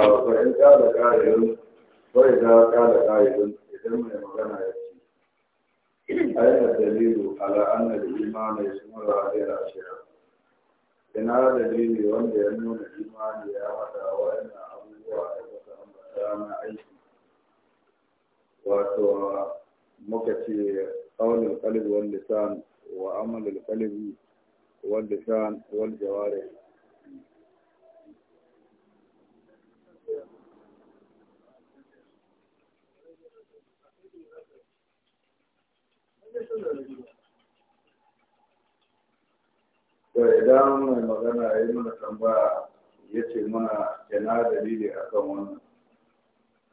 fa'in ƙara ƙa'idun wai za a ƙara ƙa'idun idan mai magana ya ce ayyana dalilu ala anna da imani su mura da ya ina dalili wanda ya nuna imani ya wada wa'ina abubuwa da suka ambata na aiki wato muka ce ƙaunin kalbi wanda san wa amalin kalbi wanda san wanda jawarai to idan mai magana ya yi mana tambaya ya ce mana yana dalili a kan wannan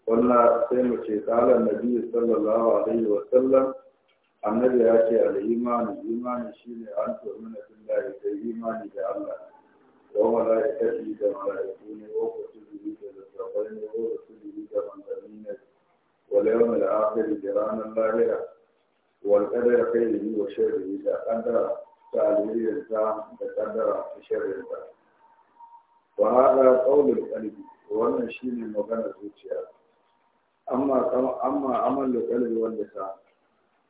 wannan sai mu ce na biyu sallallahu alaihi wa sallam annabi ya ce al'imani imani shine an tu'mina billahi kai imani da Allah wa malaikati da malaiku ne wa kutubi da littafai ne wa rusuli da manzanni ne wa yawmil akhir da ranar lahira والقدر خيره وشره تقدر ta. تقدر شره وهذا قول القلب wannan shi ne magana zuciya amma amal da kalbi wanda ta.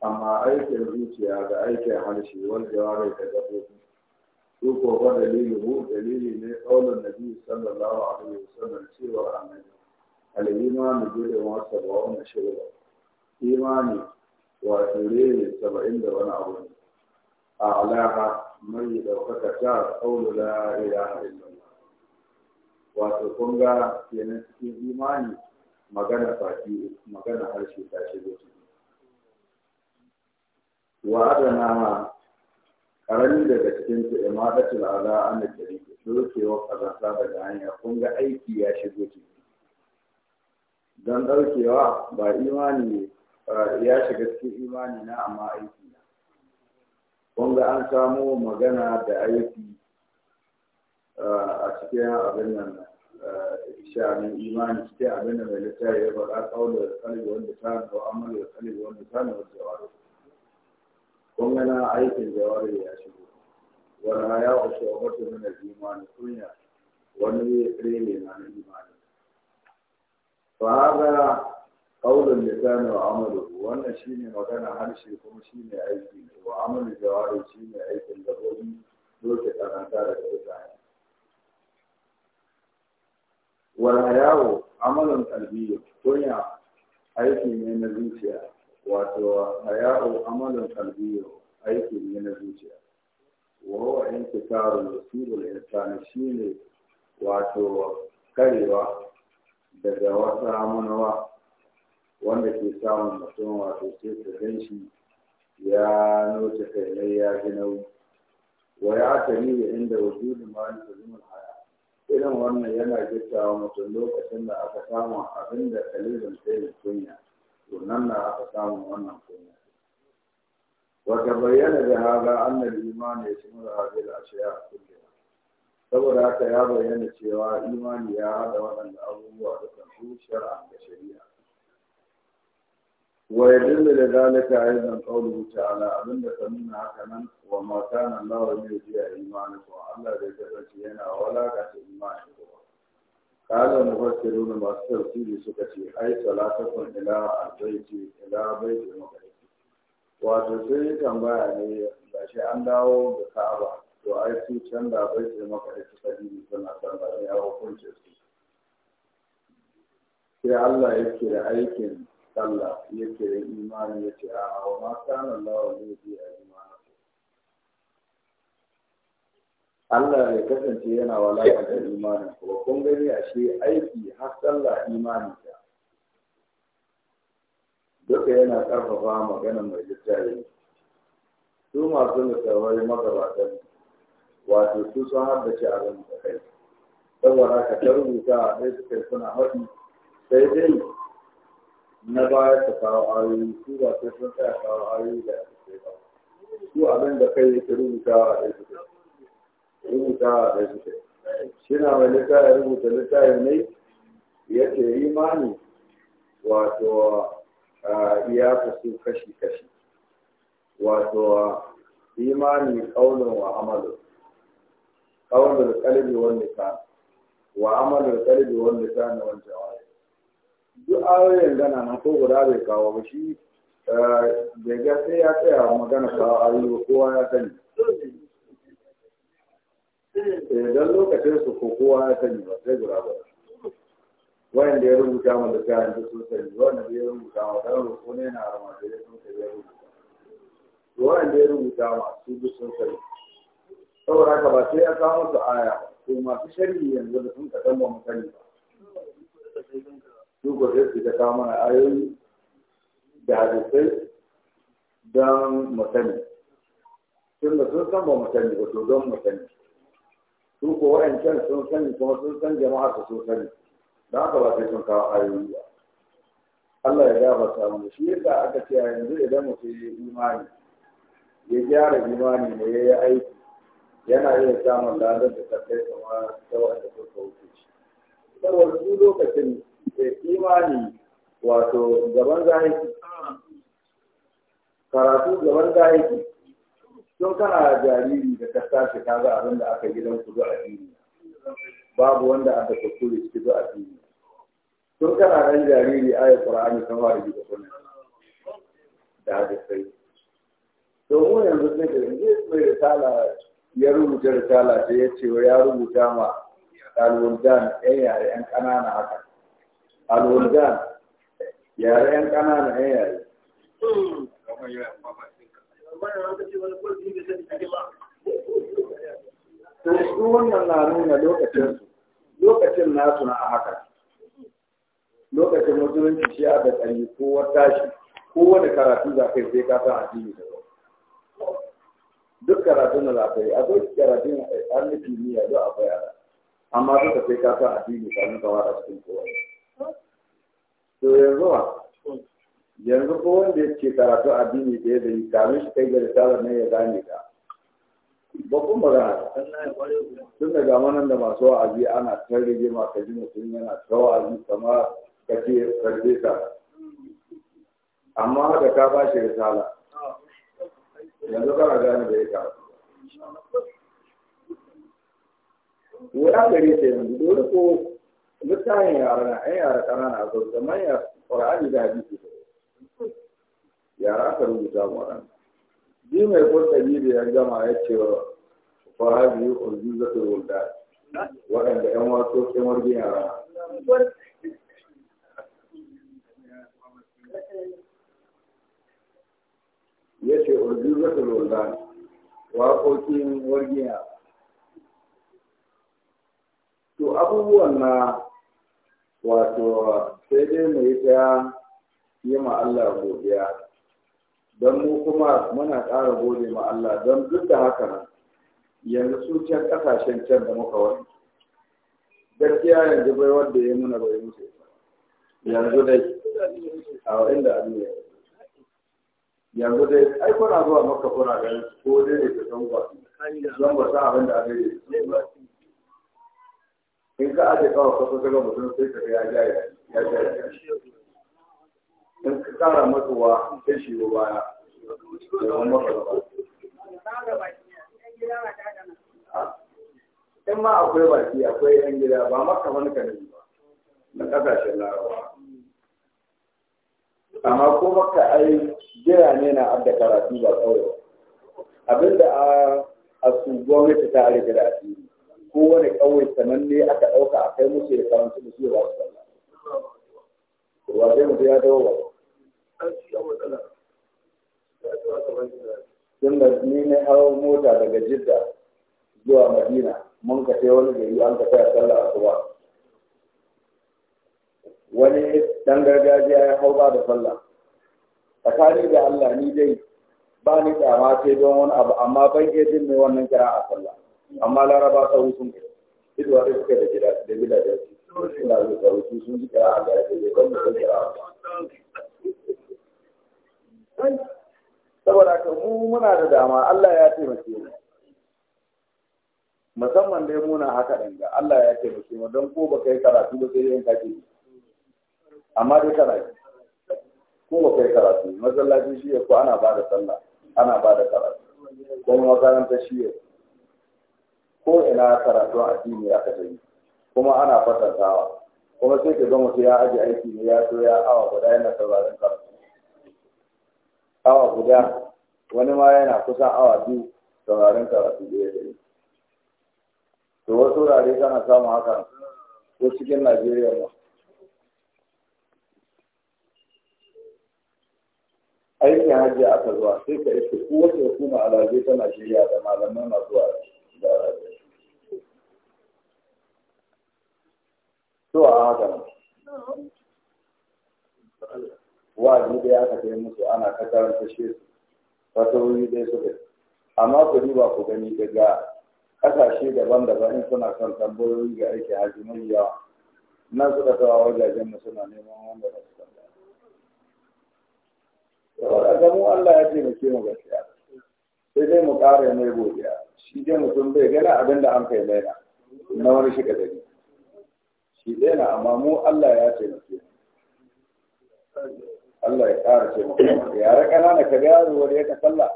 amma aikin zuciya da aikin harshe wanda ya rai da gabobi su ko ba dalili mu dalili ne kaulin nabi sallallahu alaihi wasallam cewa annabi al-imanu da wasa ba wannan shirka imani wato rene saba'in da wani abu ne? a alaha mai ɗaukaka ta kaulu la ilaha illallah wato kun ga kenan cikin imani magana baki magana harshe ta shigo ciki wa adana ma karami daga cikin ta imadatul ala an tariq dokewa karanta daga hanya kun ga aiki ya shigo ciki dan daukewa ba imani ne Eh, ya shiga cikin imani na amma aiki na kunga an samu magana da aiki eh, a cikin abin nan eh, sha'anin imani cikin abin da mai littafi ya faɗa ƙaunar da kalbi wanda ta nufa amal da kalbi wanda ta nufa jawari kunga na aikin jawari ya shigo wani ya wasu a wata mana imani kunya wani rene na imani fa haka qaulul lisan wa amalu wannan ne magana harshe kuma shi ne aiki wa amalu shi ne aikin da dabobi doke karanta da mutane wal hayawu amalun qalbiyyu kunya aiki ne na zuciya wato hayawu amalun qalbiyyu aiki ne na zuciya wa huwa intikarul ne, shi ne wato karewa daga wata munawa wanda ke samun mutum wato sai ka gan shi ya noce kai ya ji nauyi wa ya tari da inda wajudin ma ya zama haya irin wannan yana gittawa mutum lokacin da aka samu abin da kalilin sai kunya to nan na aka samu wannan kunya wata bayyana da haga annal imani ya shimu da hadil ashiya kullum saboda haka ya bayyana cewa imani ya hada waɗanda abubuwa dukan su shar'a da shari'a wa yadullu da zalika aidan qawluhu ta'ala abinda ka nuna haka nan wa ma kana Allah ne ya imanikum Allah bai kasance yana walaka ta imanikum kala mufassirun masu tafsiri suka ce ai salatakun ila albayti ila bayti maqdis wato sai ya tambaya ne ga shi an dawo da Ka'aba to ai su can da bayti maqdis suka yi suna tambaya ya hukunce su sai Allah yake da aikin sallah ya imani ya ce a wa ma kana Allah ne bi a imani Allah ya kasance yana walaƙa da imani ko kun gani ashe aiki har sallah imani ta duka yana ƙarfafa magana mai littafi su masu littafai magabatan wato su sun a abin da kai saboda haka ta rubuta a ɗaya suka suna haɗi sai dai na baya ta kawo ayoyi su ba sai sun tsaya kawo ayoyi da ake ba su abin da kai yake rubutawa da su rubutawa da su shi na mai littafi rubuta littafi ne ya ce imani wato iya su kashi-kashi wato imani kaunin wa amalu kaunin kalbi wanda ta, wa amalu kalbi wanda ta na wancan wani duk ayoyin gana na ko guda bai kawo ba shi eh, bai ga sai ya tsaya magana kawo ayoyi ba kowa ya sani eh, don lokacin su ko kowa ya sani ba sai guda ba wanda ya rubuta mu da kayan da sun sani wanda ya rubuta ma dan roƙo ne na ramata ya sun sani ya rubuta wanda ya rubuta ma su duk sun sani saboda haka ba sai ya kawo su aya ko masu sharhi yanzu da sun kaɗan ba mu sani ba su gobe su ta kama na ayoyi da hadisai don mu sani da sun san ba mu sani ba to don mu sani su ko wa'ancan sun sani kuma sun san jama'a su sun sani da haka ba sai sun kawo ayoyi ba Allah ya gafarta mu shi yasa aka ce yanzu idan mutum ya yi imani ya gyara imani ne ya yi aiki yana iya samun ladar da ta kai kamar ta wanda suka wuce shi saboda su lokacin imani wato gaban zahiri karatu gaban zahiri don kana jariri da ta tashi ka ga abin da aka gidan ku zuwa duniya babu wanda aka kuskure ciki zuwa duniya tun kana ɗan jariri ayat qur'ani kan fara da kuma da hadisai to Domin yanzu sai da yanzu mai risala ya rubuta risala sai ya ce ya rubuta ma ɗalibin jan 'yan yare 'yan ƙanana haka alwuldan yare yan ƙanana yan eh, yare to su wannan na nuna lokacin lokacin nasu na haka lokacin musulunci shi a da tsari ko wata shi ko wani karatu za ka yi sai ka san addini da duk karatu na za ka yi akwai karatun eh, an na kimiyya a bayara. amma duka sai ka san addini kamin ka wada cikin kowa to yanzu wa yanzu ko wanda ya ce karatu addini da ya zai kamin shi kai ga risalar ne ya gane ka babban magana tun da ga manan da masu wa'azi ana ta rage ma ka ji mutum yana ta wa'azi kamar ka ce karfe ka amma haka ka ba shi risala yanzu kana gane da ya ka wura gare ta yanzu dole ko littafin yara na ɗan yara ƙanana a sauƙi manya ƙwararri da hadisi yara aka rubuta mu ran bi mai kurtabi da ya gama ya ce wa ƙwararri ƙwararri zata wulda waɗanda ‘yan wato kemar bin yara ya ce ƙwararri zata wulda waƙoƙin wargiya to abubuwan na wato sai dai mu yi ta yi ma Allah godiya don mu kuma muna ƙara gode ma Allah don duk da haka nan yanzu su can ƙasashen can da muka wani gaskiya yanzu bai wanda ya nuna bai musu yanzu dai a inda abin ya yanzu dai ai kuna zuwa maka kuna ganin ko dai da ta zan ba sa abin da abin ya in ka aje kawo kwasa daga mutum sai ka ya jaya ya jaya in ka kara matsuwa sai shi ruwa ya yawan mafarka in ma akwai baki akwai yan gida ba maka wani kanin ba na kasashen larabawa amma ko maka ai jira ne na adda karatu ba kawai abinda a su gwamnati ta rike da asiri kowane ƙauye sananne aka ɗauka a kai musu ya karanta da su ya wasu sallah. Wa zai mutu ya dawo ba. Tun da ni na hau mota daga Jidda zuwa Madina mun ka sai wani gari an ka tsaya sallah a kuwa. Wani ɗan gargajiya ya hau ba da sallah. Tsakani da Allah ni dai ba ni kyama sai don wani abu amma ban iya jin mai wannan kira a sallah. amma laraba ta sun kai ido da suka da gida da da su suna da tsawo sun ji kira a gaske da zai sun kira saboda ka mu muna da dama Allah ya taimake mu musamman dai muna haka ɗin ga Allah ya taimake mu don ko baka yi karatu ba sai yin kake amma dai karatu ko baka yi karatu masallaci shi ko ana ba da sallah ana ba da karatu ko makaranta shi yau ko ina karatu addini aka tafi kuma ana fatantawa kuma sai ka gama sai ya aji aiki ne ya so ya awa guda yana sauraron karatu awa guda wani ma yana kusan awa biyu sauraron karatu da ya gani to wasu wurare kana samun hakan ko cikin najeriya ma aikin hajji aka zuwa sai ka iske kowace hukuma a Najeriya tana shirya da malamai masu da to a wa'azi dai aka kai musu ana ta shi su dai su dai amma ku riba ku gani daga ƙasashe daban-daban in suna son tambayoyi ga aiki haji mai yawa nan suka tawa wajajen mu suna neman wanda ba su tambaya. Saboda ga mu Allah ya taimake mu gaskiya. sai dai mu kare mai godiya shi dai mutum bai gana abin da an kai laina na wani shiga gari shi ɗaya amma mu Allah ya taimake Allah ya ƙara taimaka yara ƙanana ka ga yaro wanda yaka sallah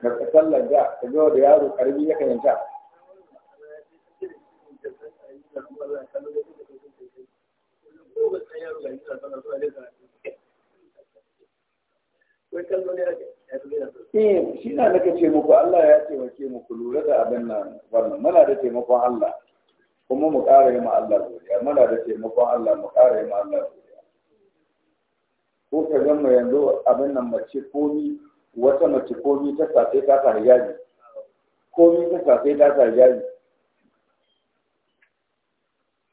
ka ka sallah ja ka ga wanda yaro ƙarfi yaka yin yanta Eh, shi na nake ce muku Allah ya taimake muku lura da abin nan wannan muna da taimakon Allah. kuma mu ƙara yi ma Allah godiya muna da taimakon Allah mu ƙara yi ma Allah godiya ko ka gan mu yanzu abin nan mace komi wata mace komi ta safe ta sa hijabi komi ta safe ta sa hijabi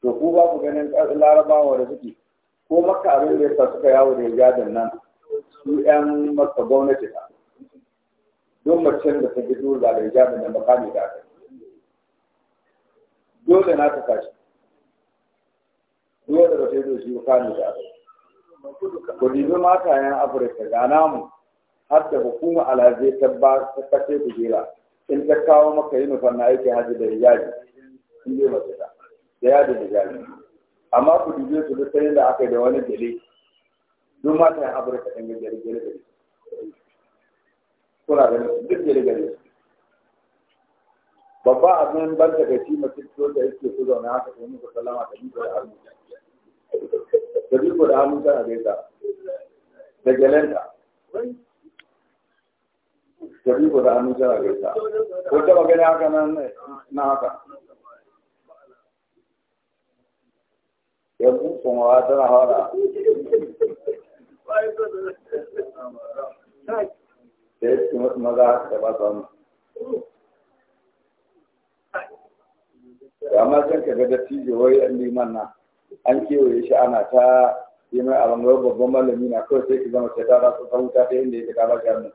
to ku ba ku ganin larabawa da suke ko maka abin da yasa suka yawo da hijabin nan su ƴan maka gwamnati ta don macen da ta fito da hijabin da makami da aka dole na ta tashi dole ba sai da shi ba ne da aka ku ta matayen afirka ga namu har da hukuma alaje ta ba ta kace ku jira in ta kawo maka yin fanna na aiki hajji da hijabi in dai ba ta da yadi da hijabi amma ku dibi su duk sai da aka yi da wani gele duk matayen afirka ɗan gajere gele gele kuna ganin duk gele gele su babba abin ban daga gaci mutum ko da yake ku zauna haka ko muku sallama da muku da hannu da muku da hannu da gaisa da gelenta da muku da hannu da gaisa ko ta magana haka nan na haka yanzu kuma tana hara da yake maza da ba su hannu amma can ka ga dattijo wai yan liman na an kewaye shi ana ta yi mai abin gaba babban malami na kawai sai ki zama sai ta rasu ta wuta ta inda ya ta kaba gani.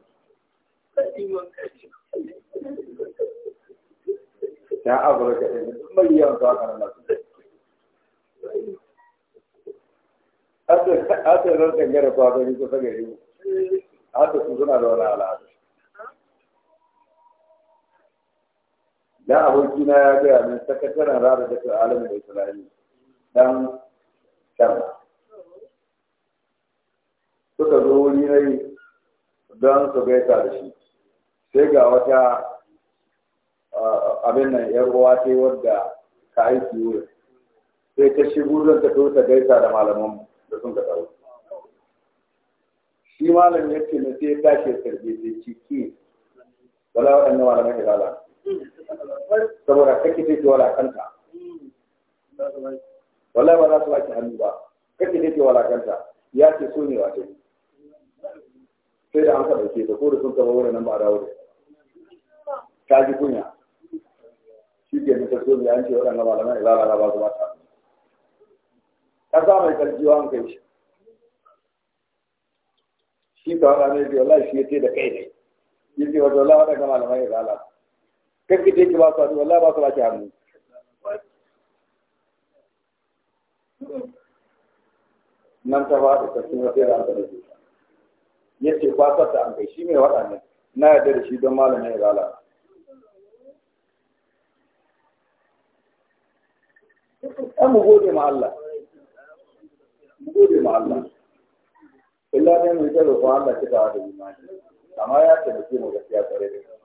Ta Afirka ɗin mai yawan ta haka na Asirin tangare kwa gani kusa gari mu. su suna da wani al'adu. da aboki na ya gaya min sakataren rada da kan alamu da islami dan shan suka zo wuri yi don su gaita da shi sai ga wata abin nan yar uwa ce wadda ka aiki wurin sai ta shigo don ta so ta gaita da malaman da sun ka tsaro shi malam ya ce na sai ya tashi ya sarbe sai ciki wala waɗannan malaman lalata saboda kake take wala kanta wallahi ba za su baki hannu ba kake take wala kanta ya ce so ne wato sai da an ka dauke ta ko da sun kaba wurin nan ba a dawo da ta ji kunya shi ke nita so ne an ce waɗanda malaman lalata ba su ba ta ka sa mai karjiwa an kai shi shi ka waɗanda ne wallahi shi ya ce da kai ne yake wato wallahi waɗanda malaman lalata kake da yake ba su wallahi ba su ba ki hannu nan ta faɗi ta sun wata da ta rufe ya ce kwasar da an kai shi mai waɗannan na yarda da shi don malamin ya zala an mu gode ma Allah mu gode ma Allah illa ne mu yi ta roƙon Allah cika da imani amma ya taimake mu gaskiya tare da shi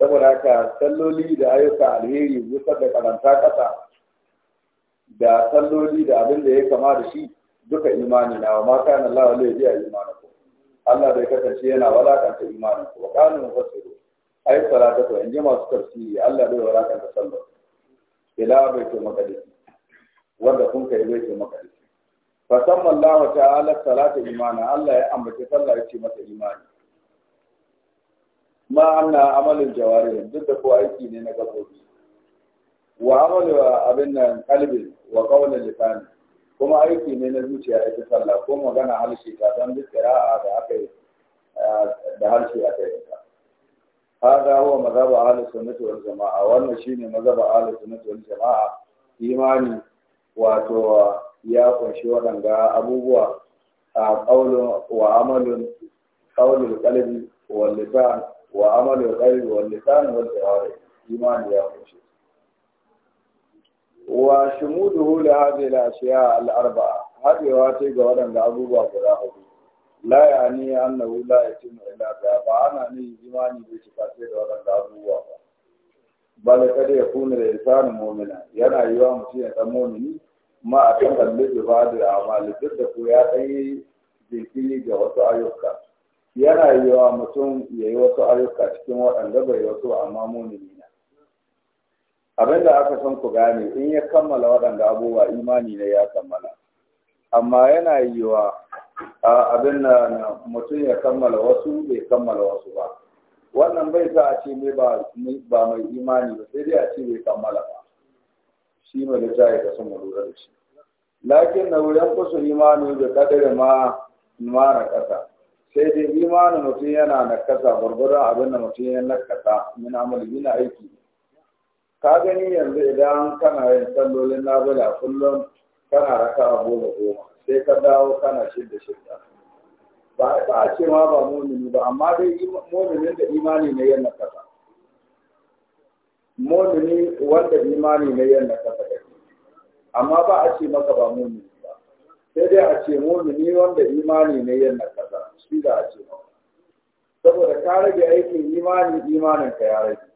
saboda haka salloli da ayyuka alheri busar da karanta kasa da salloli da abin da ya kama da shi duka imani na wa mata na lawale, wale biya imani ko Allah bai kasance yana walakanta imani ko wa kanu mufassiru ai salata to inji masu tafsiri Allah bai walakanta sallar ila bai ce maqdis wanda kun kai bai ce maqdis fa samma Allah ta'ala salata imani Allah ya ambace sallah ya ce mata imani ma anna amalin jawarin duk da ko aiki ne na gabobi wa amalu abin nan kalbi wa qawlin lisan kuma aiki ne na zuciya ita sallah ko magana harshe ta dan duk qira'a da aka yi da harshe aka yi ta hada huwa mazhabu ahli sunnati wal jamaa wannan shine mazhabu ahli sunnati wal jamaa imani wato ya kunshi waɗanda abubuwa a ƙaunar wa amalin ƙaunin kalbi wa lisan wa amalu qalbi wal lisan wal jawari imani ya kunshi wa shumuduhu li hadhihi al ashiya al arba'a hadewa ce ga waɗanda abubuwa guda hudu la yani annahu la yatimu illa biha ba ana ne imani bai cika sai da waɗanda abubuwa ba bal kada ya kuna da lisan mu'mina yana yiwa mutum ya dan mu'mini ma a kan kalli ibadu da amali duk da ko ya dan yi jinkiri ga wasu ayyuka yana yiwa mutum ya yi wasu ayyuka cikin waɗanda bai wasu amma mumini ne abin da aka san ku gane in ya kammala waɗanda abubuwa imani ne ya kammala amma yana yiwa abin na mutum ya kammala wasu bai kammala wasu ba wannan bai sa a ce mai ba mai imani ba sai dai a ce bai kammala ba shi mai littafi ka san mu lura da shi lakin na wurin kusur imani da kadar ma na ƙasa sai dai imanin mutum yana nakasa gwargwaron abin da mutum ya kasa min amali yana aiki ka gani yanzu idan kana yin sallolin nabila kullum kana raka goma goma sai ka dawo kana shidda shidda ba a ce ma ba mumini ba amma dai muminin da imani ne yan kasa mumini wanda imani ne yan nakasa amma ba a ce maka ba mumini ba sai dai a ce mumini wanda imani ne yan kasa shi a ce saboda ka rage aikin imani imanin ka ya rage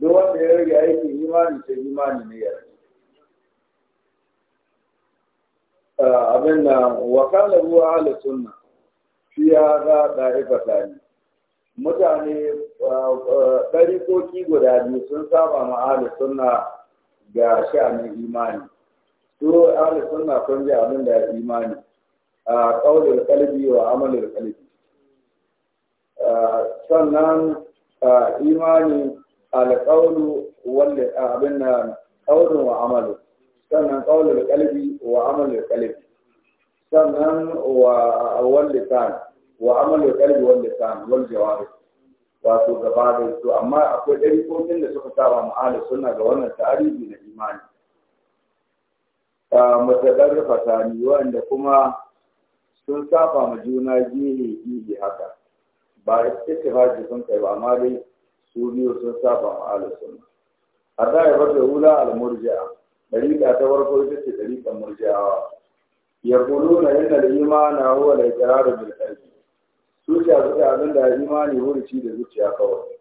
duk wanda ya rage aikin imani ta imani ne ya rage abin da wakalar ruwa ala sunna shi ya za ɗarifa tani mutane ɗarikoki guda biyu sun saba ma ala sunna ga sha'anin imani to ala sunna kun ji abin da imani ƙaunar kalbi wa amalin kalbi sannan imani alƙaunu wanda abin na ƙaunin wa amalu sannan ƙaunin kalbi wa amalin kalbi sannan wa wanda ta wa amalin kalbi wanda ta wal jawabi wato gaba da su amma akwai ɗarikokin da suka saba ma'ala suna ga wannan tarihi na imani mutaɗarrafa tani wanda kuma sun saba ma juna ne gehe haka ba ba ittifaqi sun kai ba amma dai su biyu sun saba ma ahlus A hatta ya bar da hula al murji'a dariqa ta warko ita ce dariqan murji'awa yaquluna inna al imana huwa al iqrar bil qalbi su ce a abin da imani hurci da zuciya kawai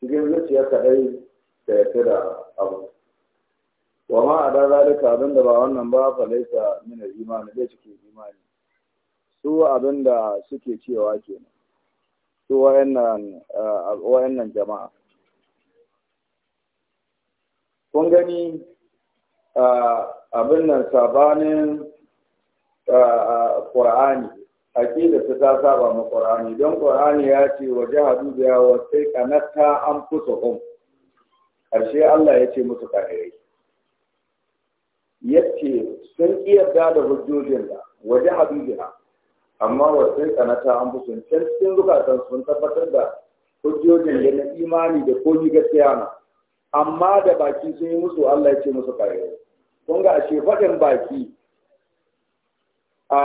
cikin zuciya kadai da ya da abu wa ma a da zalika abin da ba wannan ba falaisa min imani da cike imani su abin da suke cewa kenan su wayannan eh, jama'a kun gani eh, abin nan sabanin ƙur'ani eh, aƙida su ta saba ma ƙur'ani don ƙur'ani ya ce wa jihadu biya wa sai kanatta an fusa ƙarshe Allah ya ce musu kahirai sun kiyarda da hujjojin da waje Habibina, amma wasu tsanata an fusun can cikin zukatan sun tabbatar da hujjojin da na imani da kogi gaskiya na amma da baki sun yi musu Allah ya ce musu kare kun ga ashe faɗin baki a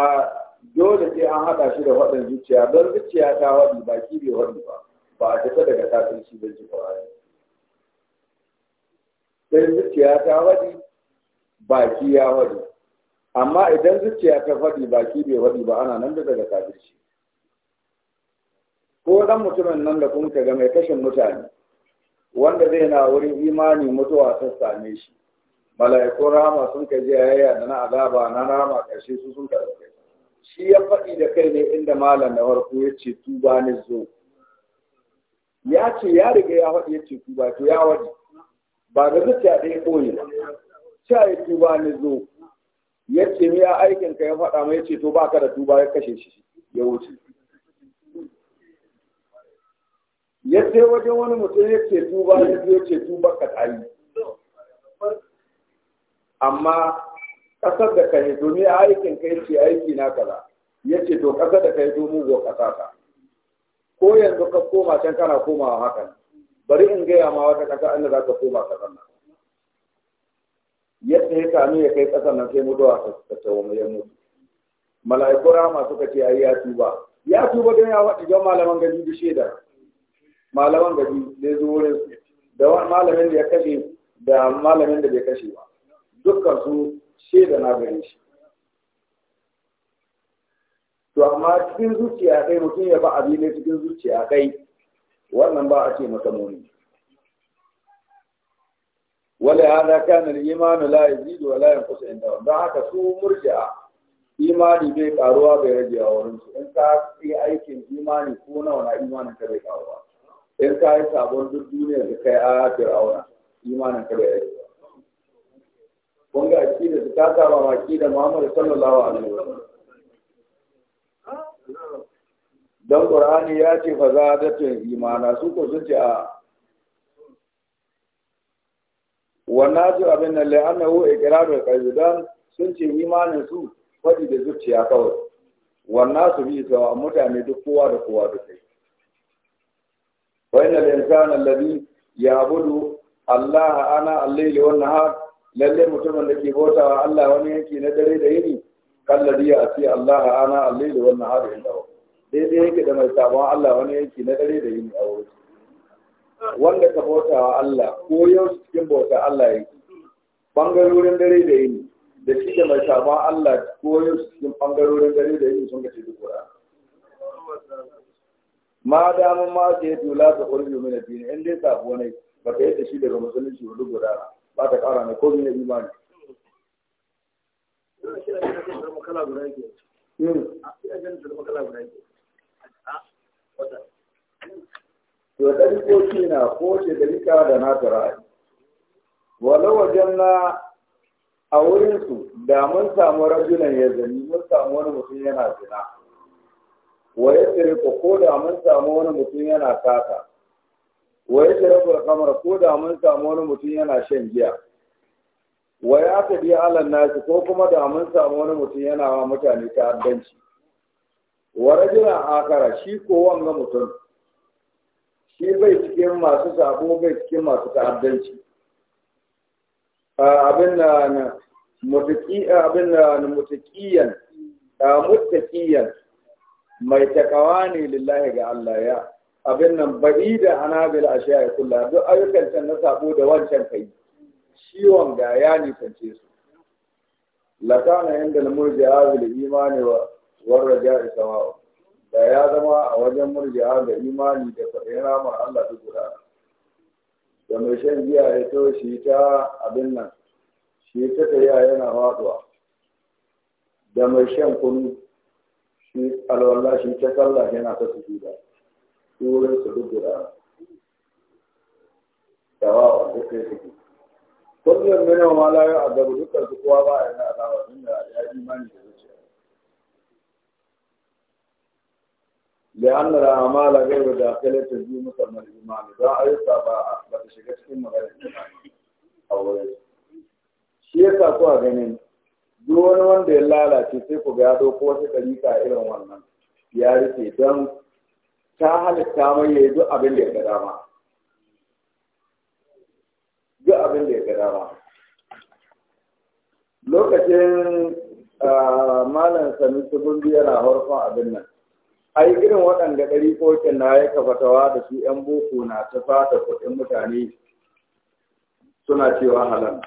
dole sai an haɗa shi da faɗin zuciya don zuciya ta waɗi baki bai waɗi ba ba a tafi daga tafin shi bai kawai sai zuciya ta waɗi baki ya waɗi amma idan zuciya ta faɗi baki bai faɗi ba ana nan daga kafirci ko dan mutumin nan da kuma ga mai kashin mutane wanda zai na wurin imani mutuwa ta same shi mala'ikun rahama sun kai jayayya da na azaba na rahama ƙarshe su sun karɓe shi ya faɗi da kai ne inda malam na farko ya ce tuba ni zo ya ce ya riga ya faɗi ya ce tuba to ya waje ba da zuciya ɗaya koyi ba sai ya tuba ni zo ya ce mai ya aikin ka ya faɗa mai ce to baka da tuba ya kashe shi ya wuce ya ce wajen wani mutum ya ce tuba ya ce ya ce tuba ka tayi amma ƙasar da ka hito mi aikin ka ya ce aiki na kaza ya ce to ƙasar da ka hito mugu ƙasa ka ko yanzu ka koma can kana komawa hakan bari in gaya ma wata ƙasa inda za ka koma ka zanna yadda ya kanu ya kai ƙasa nan sai mutuwa ta tawo mai mutu mala'iku rahama suka ce ai ya tuba ya tuba don ya faɗi don malaman gaji da shaida malaman gaji da zo wurin da malamin da ya kashe da malamin da bai kashe ba dukkan su shaida na gare shi to amma cikin zuciya kai mutum ya ba abin cikin zuciya kai wannan ba a ce masa muni wala hada kana al-iman la yazidu wa la yanqus inda don haka su murji'a imani bai karuwa bai rage a wurin su in ka yi aikin imani ko na wani imanin ka bai karuwa in ka yi sabon duk duniya da kai a fir'auna imanin ka bai rage kun ga akida su ta saba ma akida Muhammad sallallahu alaihi wasallam dan Qur'ani ya ce fa zadatun imana su ko sun ce a wannan su abin nan la'annahu iqrarul qalbi dan sun ce imanin su faɗi da zuciya kawai wannan su bi sawa mutane duk kowa da kowa duk kai wannan da insana alladhi budu Allah ana al-layli wan nahar lalle mutumin da ke bautawa Allah wani yake na dare da yini kalladi ya ce Allah ana al-layli wan nahar dai dai yake da mai sabon Allah wani yake na dare da yini a wurin wanda ka bauta wa Allah ko yau cikin bauta Allah yake bangarorin dare da yini da shi da mai sama Allah ko yau cikin bangarorin dare da yini sun gace duk wura ma da mun ma ce la ta kullu min din in dai ta bone ba ta yadda shi daga musulunci wani guda ba ta kara ne ko ne imani Mm. to shi na ko ɗarika da na ra'ayi wala wajen na a wurinsu da mun samu rajulan ya zani mun samu wani mutum yana zina wa ya tsirka ko da mun samu wani mutum yana sata wa ya ko kamar ko da mun samu wani mutum yana shan giya wa ya ta biya alan nasi ko kuma da mun samu wani mutum yana wa mutane ta'addanci wa rajulan akara shi ko wanga mutum shi bai cikin masu sabo bai cikin masu ta'addanci abin da na mutaki abin da na mutakiyan mutakiyan mai takawa ne lillahi ga Allah ya abin nan bari da anabil ashiya kula duk ayyukan can na sabo da wancan kai ciwon ga ya nisance su lakana inda al-murji'a imani wa wajen murji'a ga imani da kwaɗayin rama Allah duk guda da mai shan giya ya to shi ta abin nan shi ta tafiya yana faɗuwa da mai shan kunu shi alwallah shi ta sallah yana ta su juda su su duk guda da wawa duk kai suke kullum minan wala ya adabu dukkan su kowa ba yana da tun da ya imani da لأن الأعمال غير داخلة في مسمى الإيمان إذا أيسا بتشكى cikin maganar imani a wurin shi yasa kuwa ganin duk wani wanda ya lalace sai ku ga ya ɗauko wata ɗariƙa irin wannan ya rufe don ta ya yi duk abin da ya ga duk abin ya ga dama lokacin malam sami tubun yana harkon abin nan ai irin waɗanda ɗari kokin na ya kafatawa da su ‘yan boko na ta fata kuɗin mutane suna cewa halal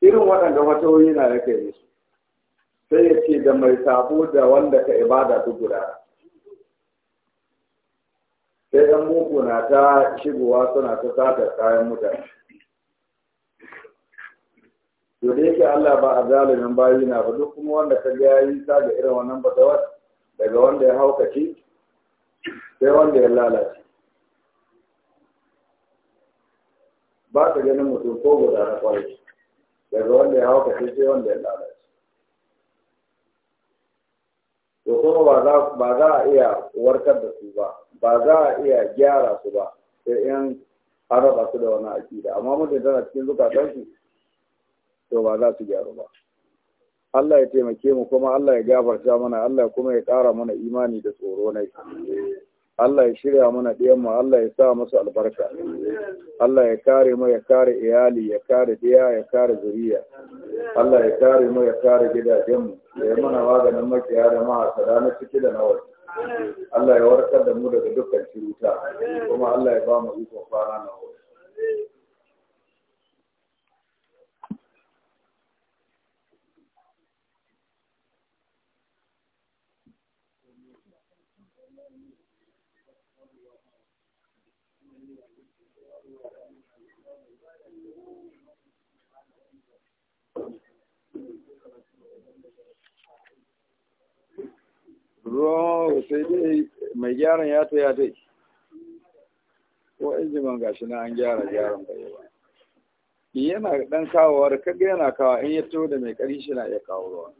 irin waɗanda fatawoyi na ya kai musu sai ya ce da mai sabo da wanda ka ibada duk guda sai ‘yan boko na ta shigowa suna ta sata kayan mutane to da yake Allah ba a zalimin bayi na ba duk kuma wanda ka ga yayi ta da irin wannan batawar daga wanda ya haukace sai wanda ya lalace ba ka ganin mutum ko guda na kwari daga wanda ya haukace sai wanda ya lalace to kuma ba za a iya warkar da su ba ba za a iya gyara su ba sai in haraba su da wani aƙida amma mutum tana cikin zukatansu to ba za su gyaru ba Allah ya taimake mu kuma Allah ya gafarta mana Allah kuma ya ƙara mana imani da tsoro na Allah ya shirya mana ɗiyanmu Allah ya sa masu albarka Allah ya kare mu ya kare iyali ya kare ɗiya ya kare zuriya Allah ya kare mu ya kare gidajenmu da ya mana maganin makiya da da na ciki da na waje Allah ya warkar da mu daga dukkan ciruta kuma Allah ya ba mu ikon kwana na waje ruwan sai dai mai gyaran ya ta ya dai ko injiman gashi na an gyara gyaran bai ba yana dan kawowa da kaga yana kawo in ya to da mai kari shi na iya kawo ruwa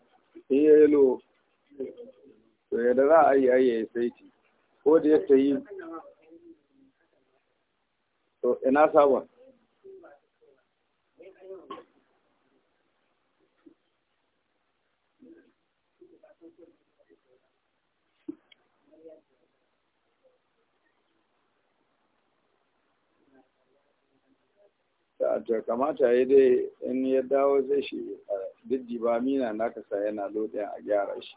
in ya yalo to da za a yi ayyaye saiti ko da ya ta yi to ina sabon Da to kamata ya dai in ya dawo zai shi diddi ba mina na kasa yana lodin a gyara shi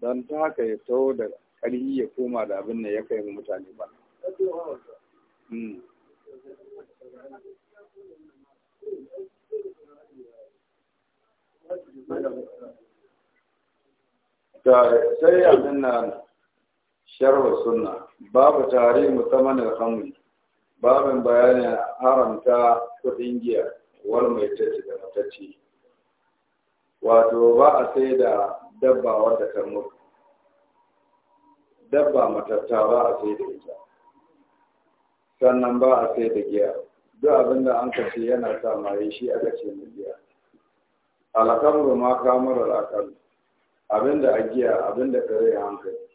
don ta haka ya taho da ƙarfi ya koma da abin da ya kai mutane ba hmm. sai abin na sharwa suna. babu tare mutamanin hamli babin bayanin haramta kuɗin giya wal mai tace da matace wato ba a sai da dabba wadda kan mutu dabba matatta ba a sai da ita sannan ba a sai da giya duk abin da an kace yana sa mai shi aka ce mai giya alakamru ma kamarar akal abin da a giya abin da kare hankali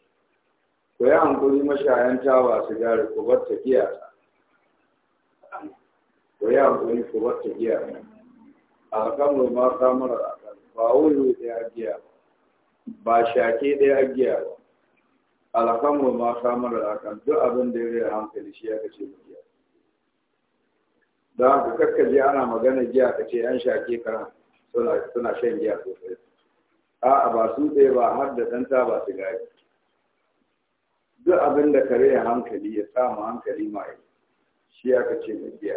ku yi hankuri ba su sigari ku bar ta giya ko ya hankali ko wata giya a kamar ma samar a kan ba wuri ɗaya giya ba shake ɗaya giya ba alhamdu ma samar da kan duk abin da ya rai hankali shi ya kace giya don ka kakkaji ana magana giya ka ce an shake ka suna shan giya sosai a'a ba su ɗaya ba har da ɗan ba su gari duk abin da ka rai hankali ya samu hankali mai shi ya kace giya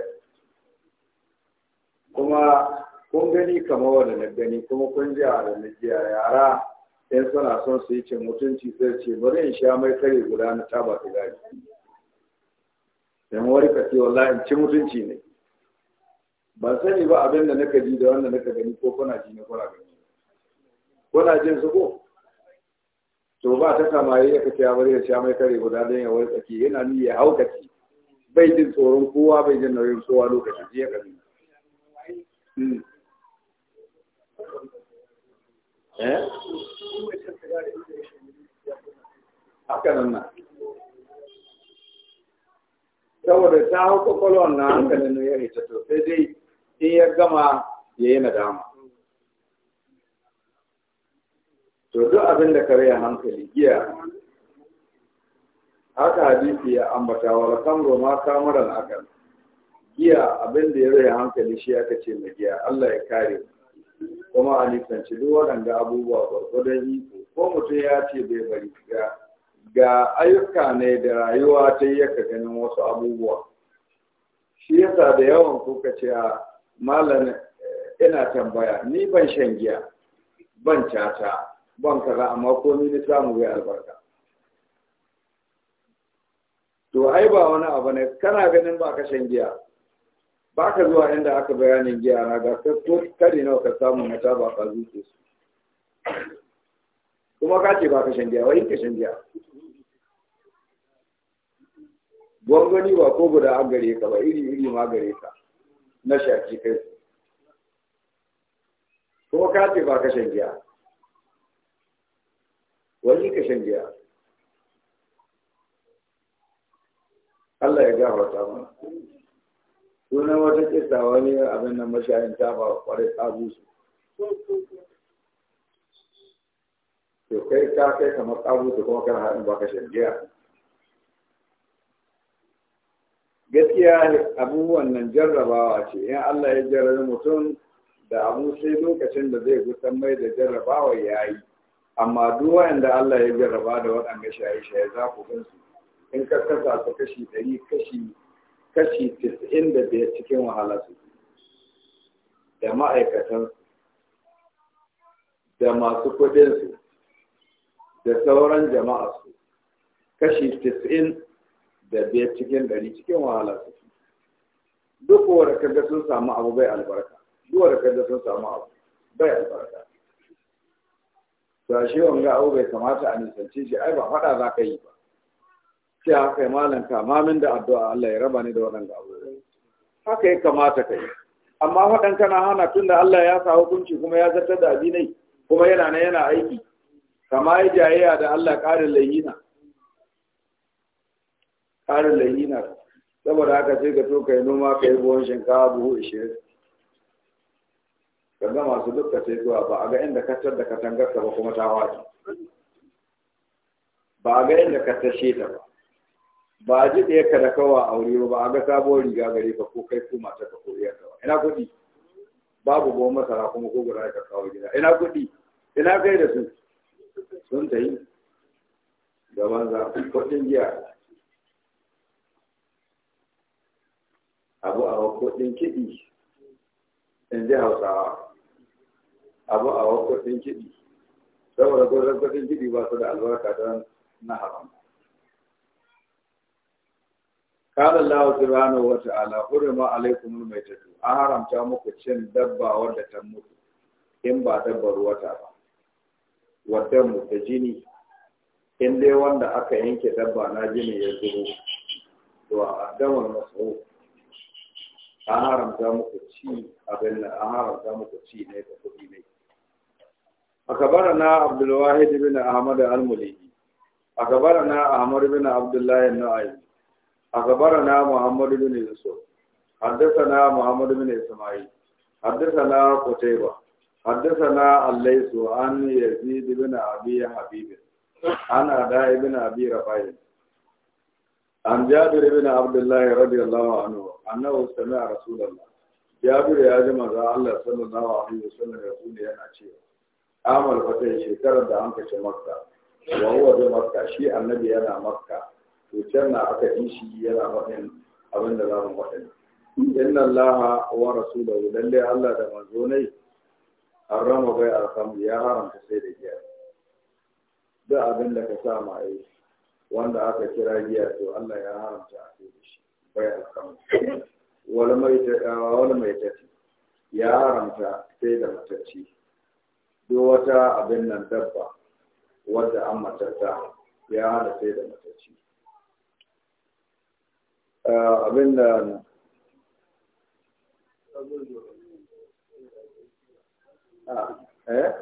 kuma kun gani kama wani na gani kuma kun ji a da najiya yara in suna son su yi cin mutunci zai ce bari in sha mai kare guda na taba ta gari yan wari ka ce wallahi in ci mutunci ne ban sani ba abin da naka ji da wanda naka gani ko kuna ji ne kuna gani kuna jin su ko to ba ta kama ya kace ce bari in sha mai kare guda don ya wari tsaki yana ni ya haukaci bai jin tsoron kowa bai jin nauyin kowa lokacin jiya gani Hmm. Eh? saboda ta hau kwakwalwar na hankalin ya hita to sai dai in ya gama ya yi nadama to duk abin da kare hankali giya haka hadisi ya ambata wa rasan ma kamarar akal giya abin da ya rai hankali shi aka ce mai giya Allah ya kare kuma a nisanci duk waɗanda abubuwa gwargwadon iko ko mutum ya ce bai bari ga ga ayyuka ne da rayuwa ta yi yaka ganin wasu abubuwa shi yasa da yawan kuka ce ah, malam eh, ina tambaya ni ban shan giya ban cata ban kaza amma ko ni samu bai albarka to ai ba wani abu ne kana ganin ba ka shan giya ba ka zuwa inda aka bayanin giya na ga kari nawa ka samu na taba ba ka zuce su kuma ka ce ba ka shan giya wai ka shan giya gwangwani ba ko guda an gare ka ba iri iri ma gare ka na shaki kai kuma ka ce ba ka shan giya wani ka shan giya Allah ya gafarta mana sunan wata kisa wani abin nan mashayin ta ba kwarai tsabu su to kai ka kai kamar tsabu su kuma kan haɗin baka shangiya gaskiya abubuwan nan jarrabawa ce in Allah ya jarrabi mutum da abu sai lokacin da zai gusan mai da jarrabawa ya yi amma duk wanda Allah ya jarraba da waɗanda shaye-shaye za ku gansu in ka su kashi ɗari kashi kashi 95 cikin wahala su da ma'aikatansu da masu kudinsu da sauran jama'a su kashi 90 da biyar cikin ɗari cikin wahala su duk wadda kaga sun samu abu bai albarka duk wadda kaga sun samu abu bai albarka to a shi wanga abu bai kamata a nisance shi ai ba faɗa za ka yi ba sai kai malam ka mamin da addu'a Allah ya raba ni da waɗanda abu haka ya kamata ka yi amma waɗan kana hana tun da Allah ya sa hukunci kuma ya zartar da abinai kuma yana na yana aiki kama ya jayayya da Allah ƙarin layina ƙarin layina saboda haka sai ka to ka yi noma ka yi buwan shinkawa buhu ishirin ka ga masu dukka sai zuwa ba a ga inda kacar da katangar ka ba kuma ta wata ba a ga inda ka tashe ta ba ba a ji ɗaya ka da kawa a wuri ba a ga sabuwar riga gare ka ko kai ko mata ka ko iya ba ina kuɗi babu gwan masara kuma ko guda ka kawo gida ina kuɗi ina kai da su sun ta yi da banza kuɗin giya abu a kuɗin kiɗi in ji hausawa abu a kuɗin kiɗi saboda gudun kuɗin kiɗi ba su da albarka don na haramta قال الله سبحانه وتعالى حرم عليكم الميتة أحرم تامك تشن دبا ولا تموت إن بعد بروة تابا با والدم تجيني in dai wanda aka yanke dabba na jini ya zubo to a damar masu an haramta muku ci abin nan an عبد الواحد بن أحمد المليجي أكبرنا أحمد بن عبد الله النعيم أخبرنا محمد بن يوسف حدثنا محمد بن إسماعيل حدثنا قتيبة حدثنا الليث عن يزيد بن أبي حبيب عن أداء بن أبي رفاعي عن جابر بن عبد الله رضي الله عنه أنه سمع رسول الله جابر يا جماعة الله صلى الله عليه وسلم يقول يا ناشي عمل فتح شكرا دعمك شمكة وهو بمكة شيء النبي أنا مكة to can na aka yi shi yana faɗin abin da za mu faɗin inna Allah wa rasulahu lalle Allah da manzo ne harrama bai alhamdu ya haramta sai da giya duk abin da ka sa ma yi wanda aka kira giya to Allah ya haramta a sai da shi bai alhamdu wani mai wani mai tafi ya haramta sai da matacci duk wata abin nan dabba wadda an matatta ya hana sai da matacci Ah, abin da kan ah, eh,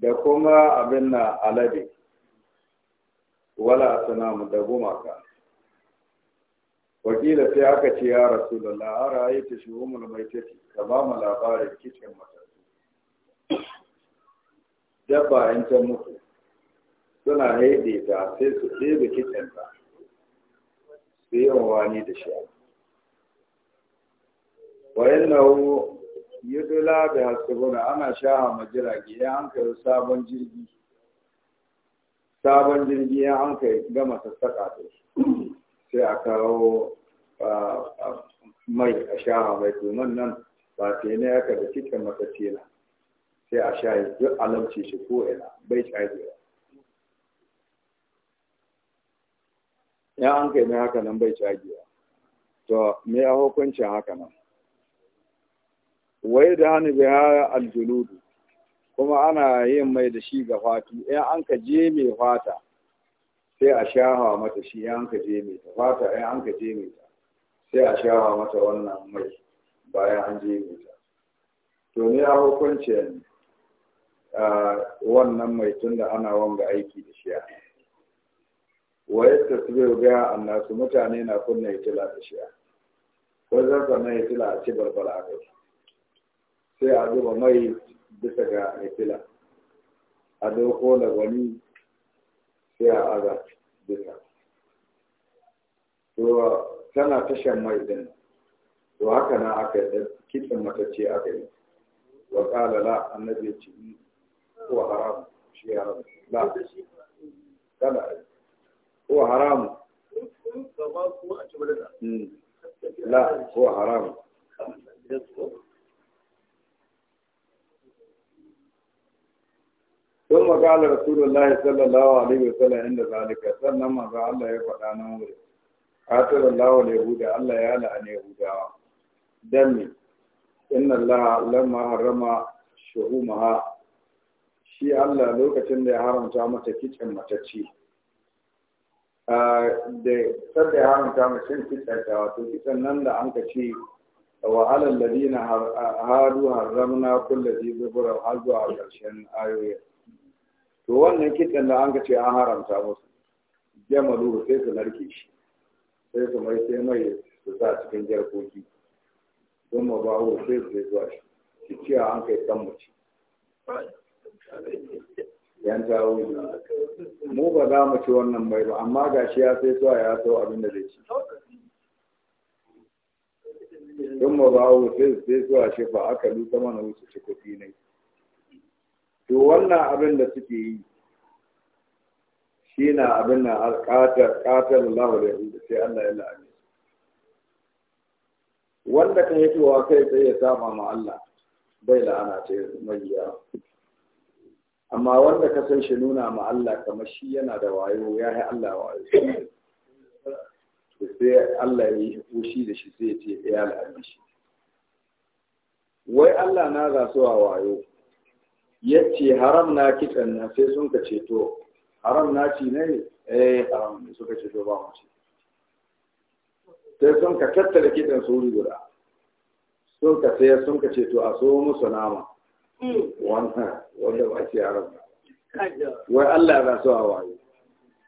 da kuma abin na alade wala mu da gumaka wakila sai aka ce ya rasulullah ara yi ta shi umar mai tafi ka ba mu labarin kicin matattu dabba in ta mutu suna haide ta sai su ɗebe kicin ta su yi wani da shi wayan wu yi dula da hasabuna ana sha ma jirage ya an sabon jirgi sabon jirgi ya an kai gama sassaƙa ta sai a kawo mai a shaha mai domin nan ba yi na yaka da cikin matacce na sai a sha duk alamci shi ko ina bai cajewa ya an kai mai haka nan bai cajewa to me a hukuncin haka nan wai da hannu bai hara aljuludu kuma ana yin mai da shi ga fatu in an ka je mai fata sai a shafa mata shi in an ka je mai ta fata in an ka je mai ta sai a shafa mata wannan mai bayan an je mai ta to ne a hukuncin wannan mai tunda ana wanga aiki da shi wayar gaya ga annasu mutane na kunna itila da shi ko zan ya itila a ci barbara kai sai a zuba mai bisa ga hitila a doko da lagwani sai a aza bisa to tana tashan mai din to haka na aka yi kitsin matacce aka yi wa kala la annabi ce kuwa haramu shi haramu la kana kuwa haramu mm. la kuwa haramu sun makala rasulullahi sallallahu alaihi wa sallam inda zalika sannan manzo Allah ya faɗa nan wuri qatalallahu al-yahuda Allah ya la'ana yahudawa dan me inna Allah lamma harrama shuhumaha shi Allah lokacin da ya haramta mata kicin matacci da sadda ya haramta mata shin kicin ta wato kicin nan da an ka ce wa alal ladina haru harramna kullu dhi zubra har zuwa karshen ayoyin to wannan kitsan da an ka ce an haramta musu jamalu sai su narke shi sai su mai sai mai su sa cikin jarkoki don ma ba wa sai su zuwa shi ki ce an kai san mu ci yan jawo mu ba za mu ci wannan mai ba amma gashi ya sai zuwa ya sau abin da zai ci don ma ba wa sai su zuwa shi ba aka lusa mana wuce ci kuɗi ne to wannan abin da suke yi shi na abin na alƙatar ƙatar Allah da sai Allah ya la'ani wanda kan yi cewa kai sai ya saba ma Allah bai la'ana ta magiya amma wanda ka san shi nuna ma Allah kamar shi yana da wayo ya yi Allah wayo sai Allah ya yi hukushi da shi sai ya ce ya la'ani shi wai Allah na wa wayo yace haram na kitan na sai sun ka ceto haram na ci ne eh haram ne suka ceto ba mu ci sai sun ka tattara kitan su wuri guda sun ka sai sun ka ceto a so musu nama hmm. wannan wanda ba ce haram wai Allah ya so a waye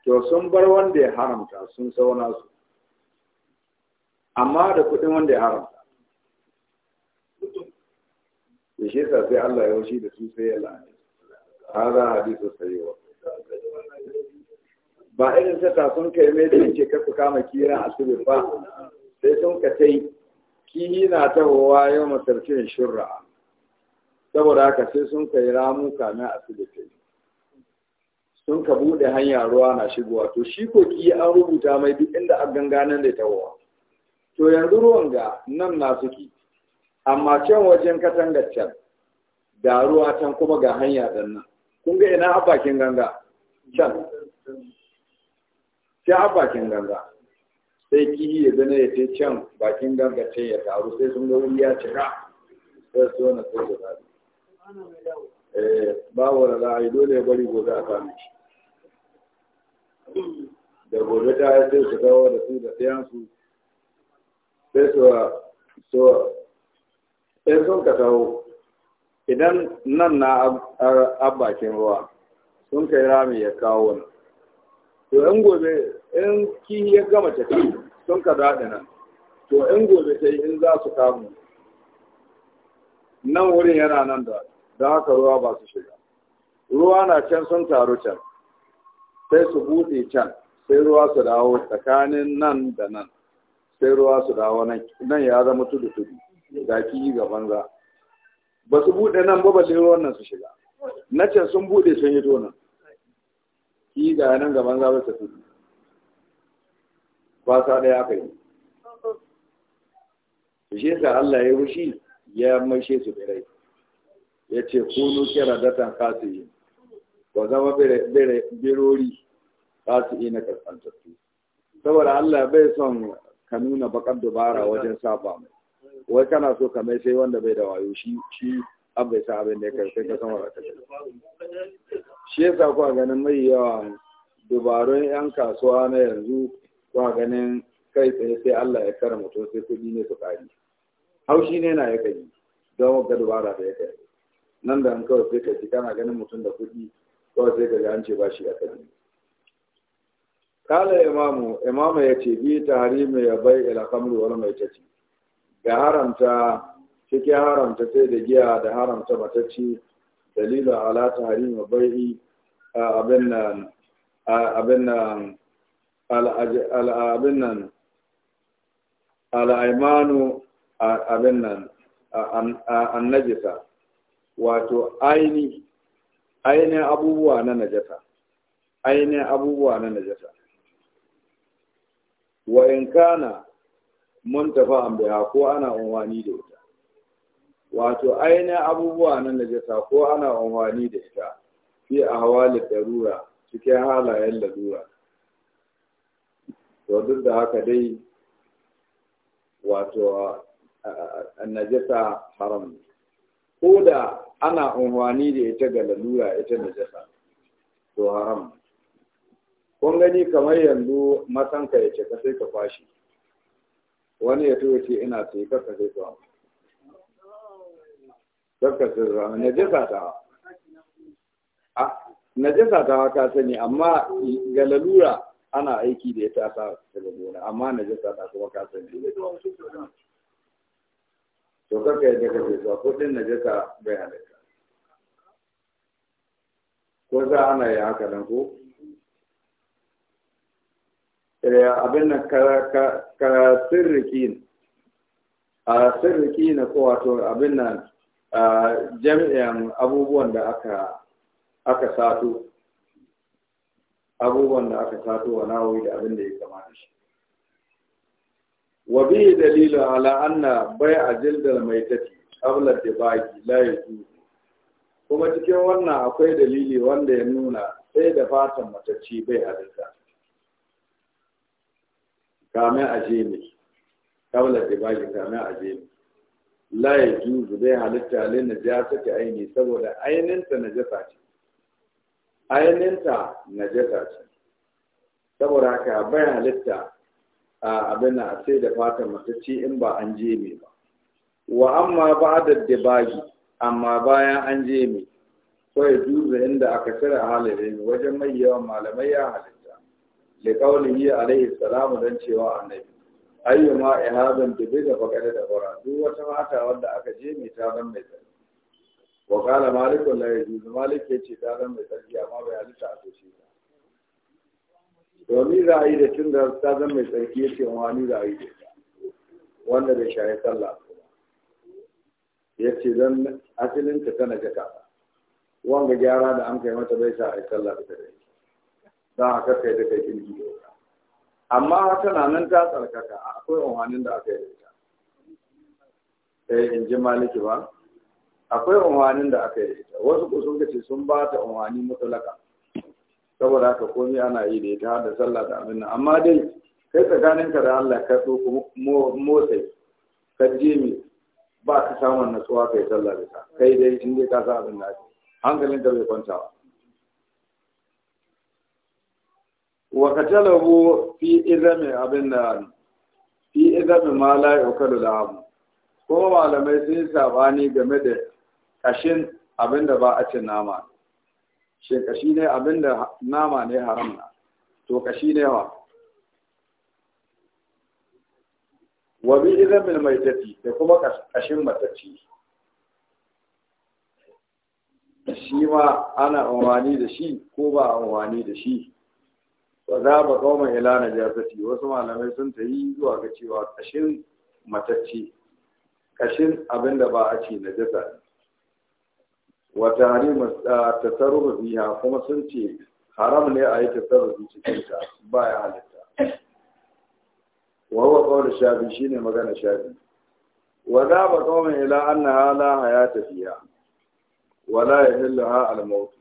to sun bar wanda ya haramta sun sauna su amma da kuɗin wanda ya haramta da shi yasa sai Allah ya wuce da su sai ya la'ani bi sosai wa? ba irin sata sun kai mai da yake kafa kama kira su ba sai sun ka tai kini na tahowa yau masarfin shurra saboda haka sai sun kai ramu kana asibiti sun ka bude hanya ruwa na shigowa to shi ko ki an rubuta mai duk inda a ganganan da tahowa to yanzu ruwan ga nan na suki amma can wajen katangar can da ruwa can kuma ga hanya ɗan nan kun ga ina a bakin ganga can sai a bakin ganga sai kihi ya zana ya ce can bakin ganga ce ya taru sai sun ga ya cika sai su wani sai su zaɓi eh, babu da za a yi dole ya bari gobe a sami shi da gobe ta yi sai su dawo da su da sayansu sai su Sai sun ka taho idan nan na abbakin ruwa sun kai rami ya kawo nan to in gobe in kihi ya gama ta sun ka daɗi nan to in gobe ta yi in za su kamu nan wurin yana nan da da haka ruwa ba su shiga ruwa na can sun taru can sai su buɗe can sai ruwa su dawo tsakanin nan da nan sai ruwa su dawo nan ya zama tudu tudu ga kiyi ga banza ba su buɗe nan ba balle ruwan nan su shiga na can sun buɗe sun yi tona yi ga nan ga banza ba su fi ba sa ɗaya aka yi su shi ka Allah ya rushi ya maishe su birai ya ce kunu kira datan yi. ba zama birori yi na kaskantattu saboda Allah bai son ka nuna bakar dubara wajen saba mai wai kana so kamar sai wanda bai da wayo shi shi an bai sa abin da ya kai ka san wata shi yasa kuwa ganin mai yawa dubarun yan kasuwa na yanzu kuwa ganin kai tsaye sai Allah ya kara mutum sai kuɗi ne su kari haushi ne na ya kai don ga dubara da ya kai nan da an kawai sai ka ji kana ganin mutum da kuɗi kawai sai ka ji an ce ba shi a kai kala imamu imamu ya ce bi tare mai ya bai ila kamar wani mai tafi ga haramta cikin haramta sai da giya da haramta matacci dalilin alata harima bai'i abin nan abin nan al'abin nan al'aimanu abin nan annajisa wato aini aini abubuwa na najasa aini abubuwa na najasa wa in kana mun tafi an ko ana unwani da ita wato ainihin abubuwa na najasa ko ana unwani da ita fi a hawali darura cikin halayen lalura to duk da haka dai wato najasa haram ko da ana unwani da ita ga lalura ita najasa to haram kun gani kamar yanzu matanka ya ce ka sai ka kwashe wani ya tuwa ce ina ce karka sai tuwa karka sai tuwa na jisa ta a na jisa ta ka sani amma ga lalura ana aiki da ya tasa daga gona amma na jisa ta kuma ka sani to karka ya ka sai tuwa kudin na jisa bai halitta ko za ana yi haka nan ko Eh, abin nan ka sirriki a sirriki na ko abin nan jami'an abubuwan da aka sato abubuwan da aka sato wa nawoyi da abin da ya kamata shi wa bi dalilu ala bai a jildar mai tafi qabla dibaki la yajuzu kuma cikin wannan akwai dalili wanda ya nuna sai da fatan matacci bai a halitta kamar a je ne kawla da baji kamar a je ne laye juzu zai halitta na ja saki aini saboda aininta najasa ce aininta najasa ce saboda haka bai halitta a abin a sai da fatan matacci in ba an je me ba wa amma ba da dibagi amma bayan an je me ko ya juzu inda aka cire halin wajen mai yawan malamai ya halitta li qawlihi alaihi salamu don cewa annabi ayyuma ihadan bi da faqada da bara duk wata mata wanda aka je mai ta zan mai tsari wa qala malik la yajuz malik ce ta zan mai tsari amma bai halitta a toshi ba domin ra'ayi da tun da ta zan mai tsarki yace wani ra'ayi da wanda bai shaye sallah yace dan asalin ta tana jaka wanga gyara da an kai mata bai sa ai sallah da dai don haka kai da kai kirki da wuta amma tana nan ta tsarkaka akwai umarnin da aka yi da ita eh in ji maliki ba akwai umarnin da aka yi da ita wasu ku sun ce sun ba ta umarni mutlaka saboda haka komai ana yi da ita har da sallah da abin nan amma dai kai tsakaninka da Allah ka so motsa ka je mi ba ka samun natsuwa kai sallah da ka kai dai in dai ka sa abin da hankalinka bai kwanta ba wa katalabu fi izami abin da fi izami ma la da lahu kuma malamai sun yi sabani game da kashin abin da ba a cin nama shi kashi ne abin da nama ne haramna to kashi ne wa wa bi mai tafi da kuma kashin matacci shi ma ana amfani da shi ko ba amfani da shi wa za ba kauma ila najasati wasu malamai sun ta yi zuwa ga cewa kashin matacce kashin abin da ba a ce wata wa ta tasarrufu biya kuma sun ce haram ne a yi tasarrufi cikin ta ba ya halitta wawa kawo da shafi shine magana shafi wa za ba kauma ila annaha la hayata fiha wa la al-maut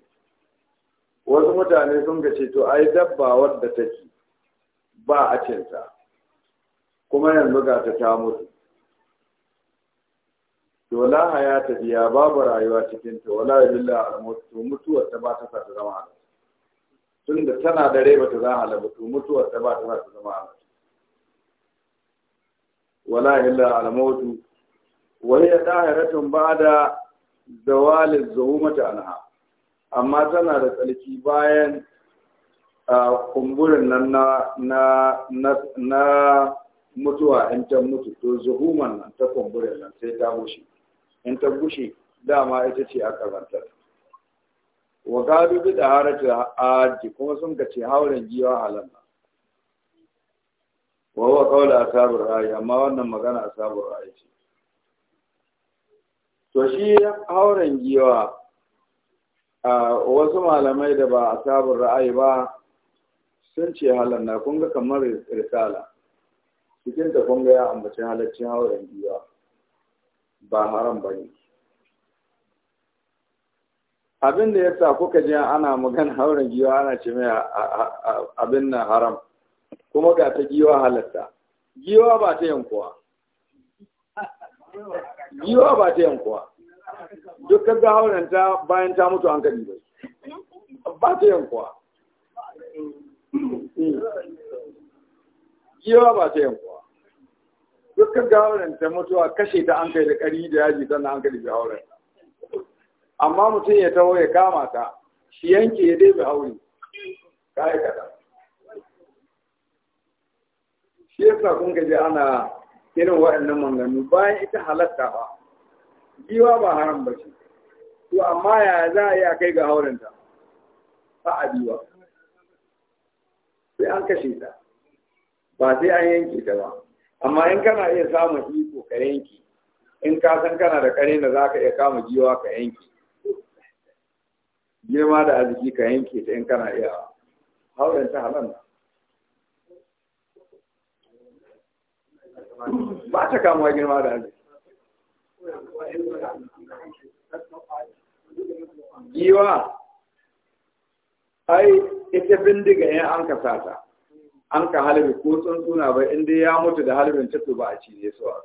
wasu mutane sun ga ce to ai dabba wadda take ba a cinta kuma yanzu ga ta ta mutu to la ta biya babu rayuwa cikin ta wala illa al-mutu mutuwar ta ba ta sa ta zama tun tunda tana da rai ba ta zama halal to mutuwar ta ba ta sa ta zama a wala illa al-mutu wa hiya ba ba'da zawal az-zuhumati anha amma tana da tsarki bayan kumburin nan na mutuwa in ta mutu to zuhuman nan ta kumburin nan sai ta bushe in ta bushe dama ita ce a karantar wa gado bi da harata aji kuma sun ce hauren giwa halan nan wa wa kaula asabur rayi amma wannan magana asabur rayi ce to shi hauren giwa wasu malamai da ba a sabon ra'ayi ba sun ce halar na kunga kamar risala cikin da kunga ya ambaci halaccin hauren biyuwa ba haram ba ne abin da ya sa kuka ji ana magana hauren giwa ana ce mai abin nan haram kuma ga ta giwa halatta giwa ba ta yankuwa giwa ba ta yankuwa duk ga wannan ta bayan ta mutu an kadi ba ta yankuwa giwa hmm. ba ta yankuwa duk ga wannan ta mutuwa kashe ta an kai da kari da yaji sannan an kadi hauren amma mutum ya taho ya kama ta shi yanke ya dai bai ka yi kada shi yasa kun gaji ana irin waɗannan manganu bayan ita halatta ba jiwa ba haram ba ce to amma ya za a iya kai ga haurenta ba a jiwa sai an kashe ta ba sai an yanke ta ba amma in kana iya samun iko ka yanke in ka san kana da kare da za ka iya kama jiwa ka yanke girma da arziki ka yanke ta in kana iya haurenta na, ba ta kamuwa girma da arziki yiwa ai ita bindiga yan an ka sata an ka halibi ko sun suna bai inda ya mutu da halibin cikin ba a cinye su a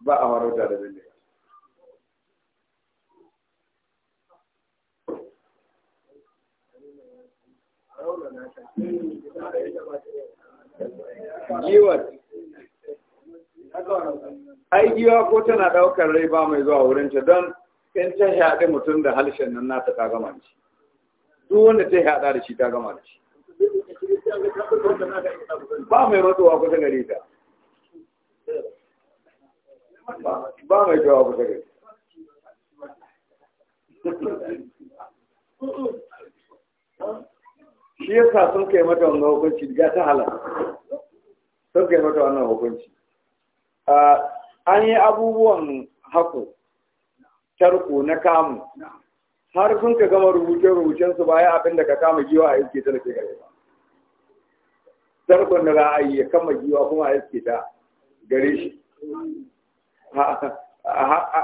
ba a warauta da bindiga yiwa ai giwa ko tana daukar rai ba mai zuwa wurin ta don in ta haɗe mutum da halshen nan nata ta gama da shi duk wanda ta haɗa da shi ta gama da shi ba mai matsowa kusa gare ta ba mai jawa kusa gare shi yasa sun kai mata wannan hukunci ga ta halar sun kai mata wannan hukunci Ah, an yi abubuwan haku tarko na kamu har sun ka gama rubuce-rubucen su baya abin da ka kama giwa a iske ta da gare ba tarkon da za a yi ya kama giwa kuma a iske ta gare shi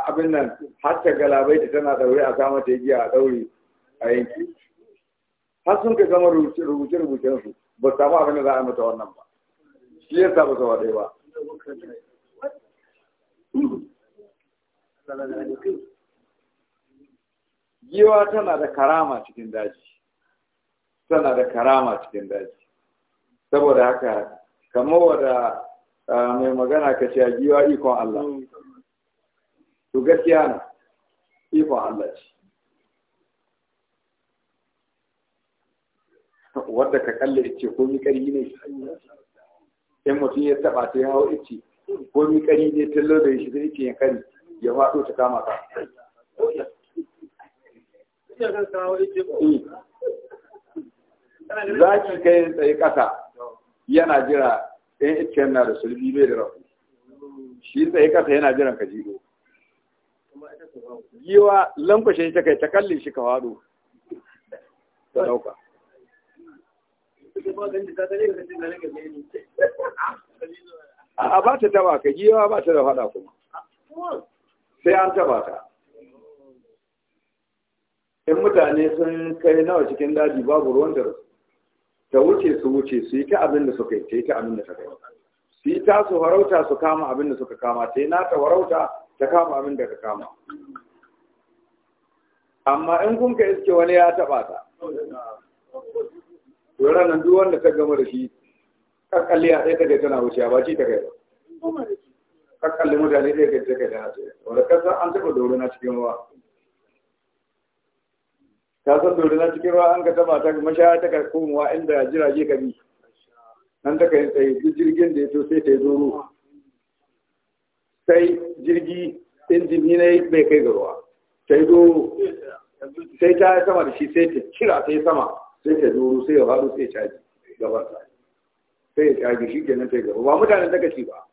abin nan hatta galabai ta tana daure a kama ta giya a daure a yanki har sun ka gama rubuce-rubucen su ba samu abin da za a yi mata wannan ba shi yasa ba sa wadai ba giwa tana da karama cikin daji tana da karama cikin daji saboda haka kamar wada mai magana ka ce giwa ikon Allah to gaskiya na ikon Allah ce wadda ka kalle ce komi ƙarfi ne in mutum ya taɓa ta yawo hau ce ko mi kari ne tallo da shi zai ce kari ya faɗo ta kama ka hmm. ki kai tsaye ƙasa yana jira ɗan iccen na da sulbi bai da rafu shi tsaye ƙasa yana jiran ka jigo yiwa lankwashe ta kai ta kallin shi ka faɗo ta ɗauka a ba ta taba ka giwa ba ta da fada kuma sai an taba ta in mutane sun kai nawa cikin daji babu ruwan da ta wuce su wuce su yi ta abin da suka yi ta yi ta abin da ta kai su yi ta su harauta su kama abin da suka kama ta yi na ta harauta ta kama abin da ta kama amma in kun ka iske wani ya taba ta Wuranan duk wanda ta gama da shi kakkalli a tsaye daga tana wuce ba ci daga kakkalli mutane zai kai daga tana tsaye wanda kasa an taɓa doro na cikin ruwa Ta san doro na cikin ruwa an ka taɓa ta mashaya ta komowa inda jirage ka bi nan ta kai tsaye duk jirgin da ya to sai ta yi doro sai jirgi injini ne bai kai ga ruwa ta doro sai ta yi sama da shi sai ta kira sai sama sai ta doro sai ya faɗo sai caji gaban sai ya tsage shi kenan sai gaba ba mutanen takaci ba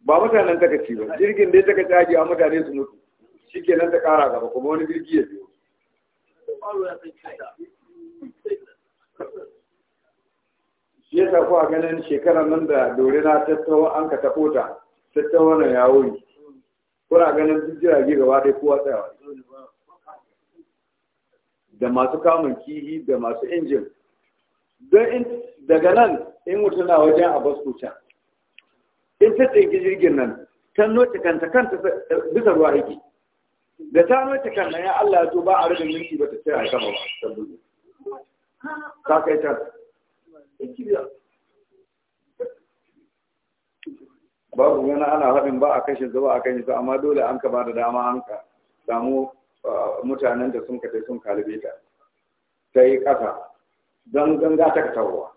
ba mutanen takaci ba jirgin dai taka tsage a mutane su mutu shi kenan ta kara gaba kuma wani jirgi ya biyo shi ya tafi a ganin shekarar nan da dore na tattawa an ka taɓo ta tattawa na yawo kuna ganin duk jirage gaba ɗaya kowa tsayawa da masu kamun kihi da masu injin don in daga nan in wuta na wajen a baskuta in ta tsinki jirgin nan ta noce kanta kanta bisa ruwa yake da ta noce kanta ya Allah ya to ba a rubin minti ba ta tsaya a sama ba ta kai ta babu wani ana haɗin ba a kashe zuba a kashe amma dole an ka ba da dama an ka samu ah, mutanen da sun kaɗai sun kalibe ta ta yi ƙasa don ganga ta tawowa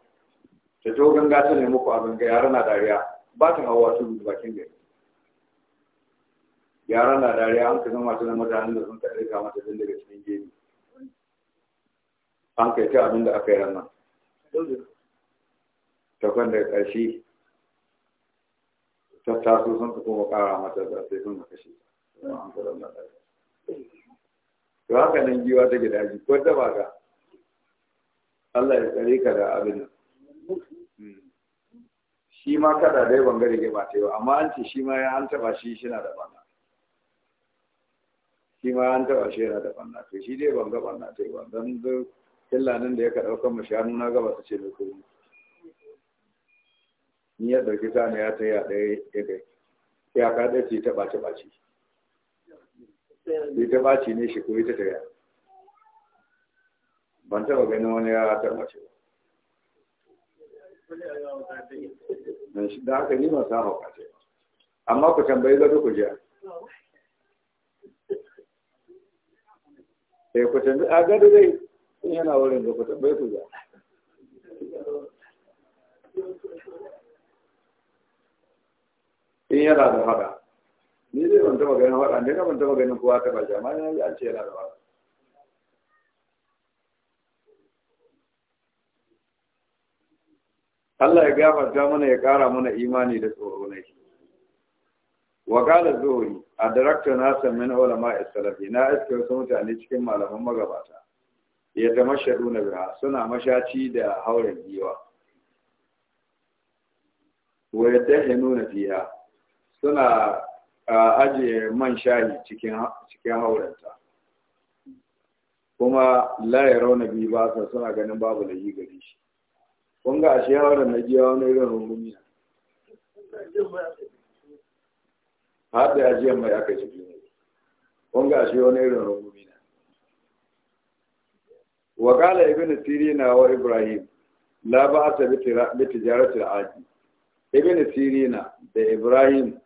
ta to ganga ta nemi ku a ganga. yara na dariya ba ta hawa su bakin gari yara na dariya an ka zama tunan mutanen da sun kaɗai kama ta daga cikin jini. an kai ta abin da aka yi rana ta kwanda ƙarshe ta taso sun ka kuma ƙara mata da sai sun maka kashe ta an ka zama dariya to haka nan giwa ta gida ko da ba ga Allah ya tsare ka da abin shi ma kada dai ban ba ta mata yau amma an ce shi ma ya an taba shi shi na da banna shi ma an taba shi yana da banna to shi dai ban ga banna ta yi ba don duk killanin da ya ka daukar mu shanu na gaba su ce da komi ni ya ɗauki ta ne ya ta a ɗaya ya kai ya ka ɗauki ta ɓaci-ɓaci. bace ne shi ko ita ta ya ban taba ganin wani ya ta mace ba da haka ni ban samu kwace amma ku tambayi zafi ku jiya sai eh, ku tambayi a gado dai in yana wurin da ku tambayi ku jiya in yana da fada ni zai ban taba ganin fada ne na ban taba ganin kowa ta ba jama'a ya ce yana da fada Allah ya gafarta mana ya ƙara mana imani da tsoro ne wa a zuhri na san min ulama as-salafi na iska wasu mutane cikin malaman magabata ya tamashadu na biya suna mashaci da hauren giwa wa ya nuna fiha suna ajiye man shayi cikin cikin haurenta kuma la yarawna bi ba suna ganin babu layi gari shi kun a ashe yaron na giya wani irin rungumi na har a ajiyar mai aka ciki kun a ashe wani irin rungumi na wa ibn sirina wa ibrahim la ba'ata bi tijaratil aji ibn sirina da ibrahim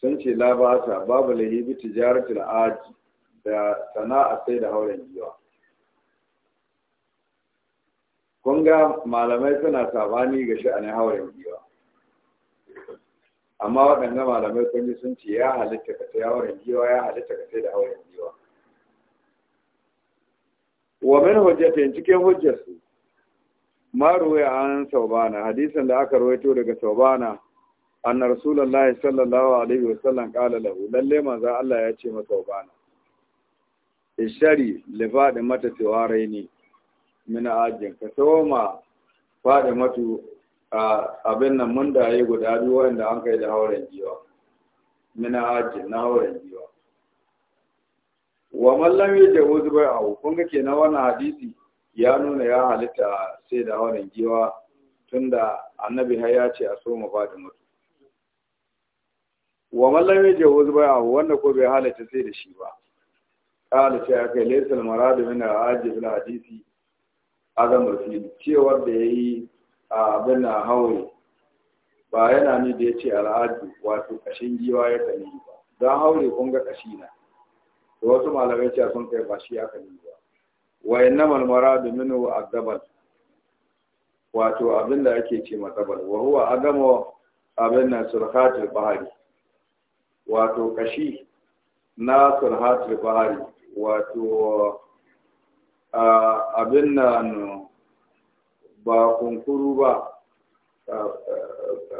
sun ce la ba'ata babu lahi bi tijaratil aji da sana'a sai da hauren jiwa. kun ga malamai suna sabani ga sha'anin hauren biyu amma waɗanda malamai sun yi sun ce ya halitta ka sai hauren biyu ya halitta ka sai da hauren biyu wa min hujjatin cikin hujjarsu ma ruwaya an saubana hadisin da aka ruwaito daga saubana anna rasulullahi sallallahu alaihi sallam qala lahu lalle manzo Allah ya ce masa saubana ishari li mata tiwarai ne mina ajin ka soma faɗi fada a abin nan mun da ya guda biyu wanda an kai da hauren jiwa mina ajin na hauren jiwa wa mallam ya je wuzu bai abu kun ga kenan wannan hadisi ya nuna ya halitta sai da hauren jiwa tunda annabi har ya ce a so mu fada matu wa mallam ya je wuzu bai abu wanda ko bai halitta sai da shi ba قال شيخ ليس المراد من العاجب الحديث Adam fili cewar da ya yi a abin na ba yana ne da ya ce al'adu wato kashin giwa ya kani ba don haure kun ga kashi na da wasu malamai cewa sun kai ba shi ya kani ba wa na malmara da minu wato abin da ake ce matabal wa huwa agama abin na sulhatul bahari wato kashi na sulhatul bahari wato abin nan ba kunkuru ba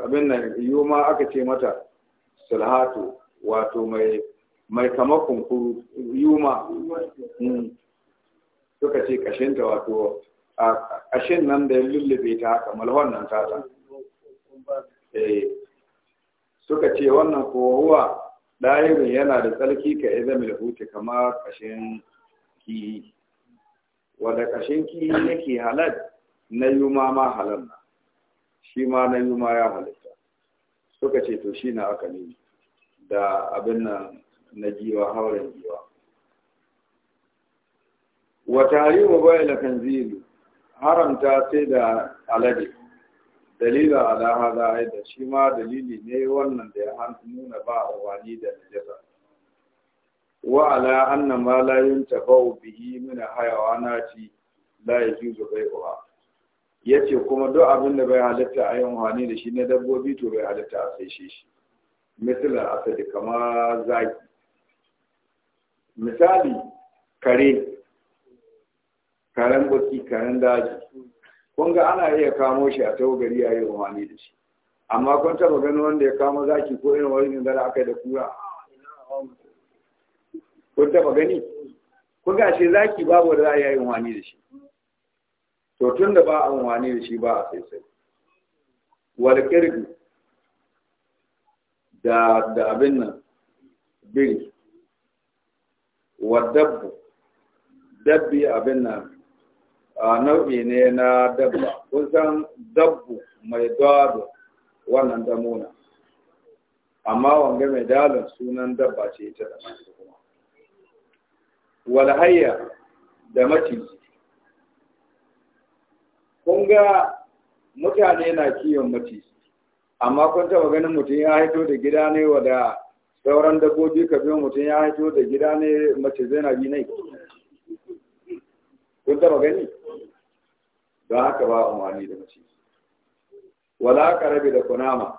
abin nan yoma aka ce mata sulhatu wato mai mai kama kunkuru yuma hmm. suka ce kashinta wato a kashin nan da ya lullube ta haka malhon nan tata eh. suka ce wannan kowa ɗahirin yana da tsarki ka izamil hutu kama kashin kiyi wanda ƙashin ki yake halal na yuma ma halal shi ma na yuma ya halitta suka ce to shi na aka ne da abin nan na jiwa hauren giwa wa tarihu bayla kanzilu haramta sai da alade dalila ala hada aida shi ma dalili ne wannan da ya nuna ba wani da najasa wa ala anna ma la yuntafa'u bihi min hayawanati la yajuzu bai'uha yace kuma duk abin da bai halitta a yin wani da shi na dabbobi to bai halitta a sai shi misalan asadi kama zaki misali kare karen baki karen daji kun ga ana iya kamo shi a tawo gari a yi wani da shi amma kun taba ganin wanda ya kamo zaki ko irin wani da aka yi da kura kun taba gani kun ga shi zaki babu da za a yi wani da shi to tun da ba a wani da shi ba a sai sai wal kirbi da da abin nan bil wa dabbu dabbi abin nan a nau'i ne na dabba kun san dabbu mai dado wannan damuna amma wanga mai dalin sunan dabba ce ita da kuma wal hayya da maciji kun ga mutane na kiwon maciji amma kun taɓa ganin mutum ya haito da gida ne wada sauran dabbobi ka biyo mutum ya haito da gida ne mace bi nai kun taɓa gani don haka ba umarni da mace wala ƙarabi da kunama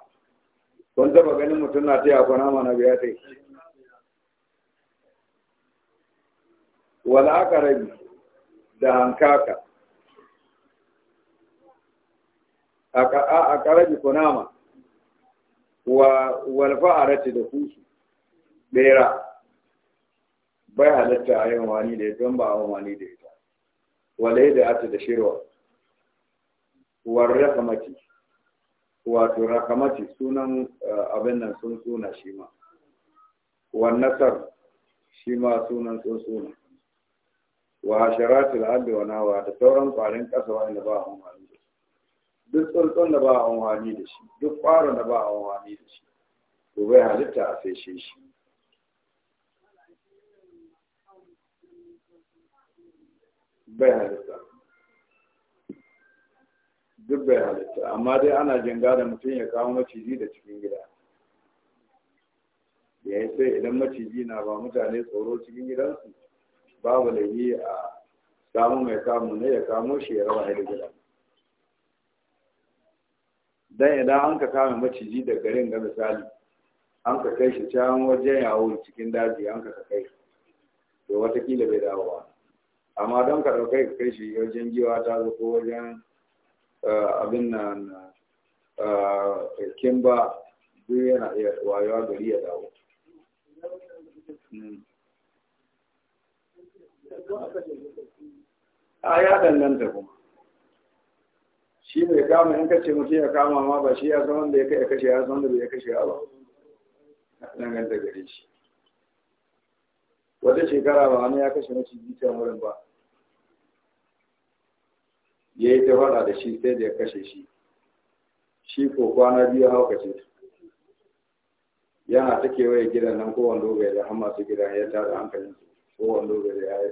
kun taɓa ganin mutum na taya kunama na biya ta yi. wal aqrabi da hankaka aka aqrabi kunama wa wal fa'arati da kusu bera bai halatta a yin wani da don ba a wani da ita wale da ata da shirwa war rakamati wato rakamati sunan abin nan sun suna shi ma wannan nasar shi ma sunan sun suna wa hasharatul ardi wa nawa da sauran kwarin kasa inda ba amfani da shi duk tsuntsun da ba amfani da shi duk kwaron da ba amfani da shi to bai halitta a sai shi shi bai halitta duk bai halitta amma dai ana jinga da mutum ya kawo maciji da cikin gida ya yi sai idan maciji na ba mutane tsoro cikin gidansu babu laifi a samu mai kamu ne ya kamo shi ya raba da gida dan idan an ka kame maciji da garin ga misali an ka kai shi can wajen yawo cikin daji an ka kai to watakila bai dawo ba amma don ka ɗaukai ka kai shi wajen giwa ta zo ko wajen eh, abin nan eh, kimba duk yana iya wayewa gari ya dawo hmm. a ya danganta kuma shi bai kama in kace mutum ya kama ma ba shi ya san wanda ya kai kashe ya san wanda bai kashe ba danganta gare shi wata shekara ba wani ya kashe maciji ta wurin ba ya yi ta faɗa da shi sai da ya kashe shi shi ko kwana biyu haukace yana ta kewaye gidan nan kowane dogaye da hamma su gidan ya tada hankalin su kowane dogaye ya yi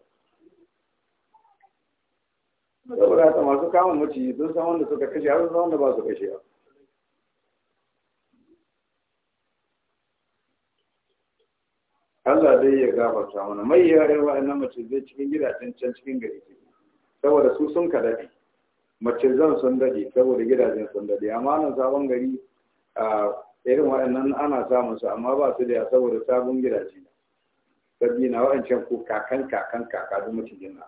saboda haka masu kama maciji sun san wanda suka kashe har sun san wanda ba su kashe ba Allah dai ya gafarta mana mai ya yi mace zai cikin gida can cikin gari saboda su sun ka daɗe zan sun daɗe saboda gidajen sun daɗe amma nan sabon gari a irin waɗannan ana samun su amma ba su da saboda sabon gidaje sabbi na wa'ancan ko kakan kakan kaka da macijin na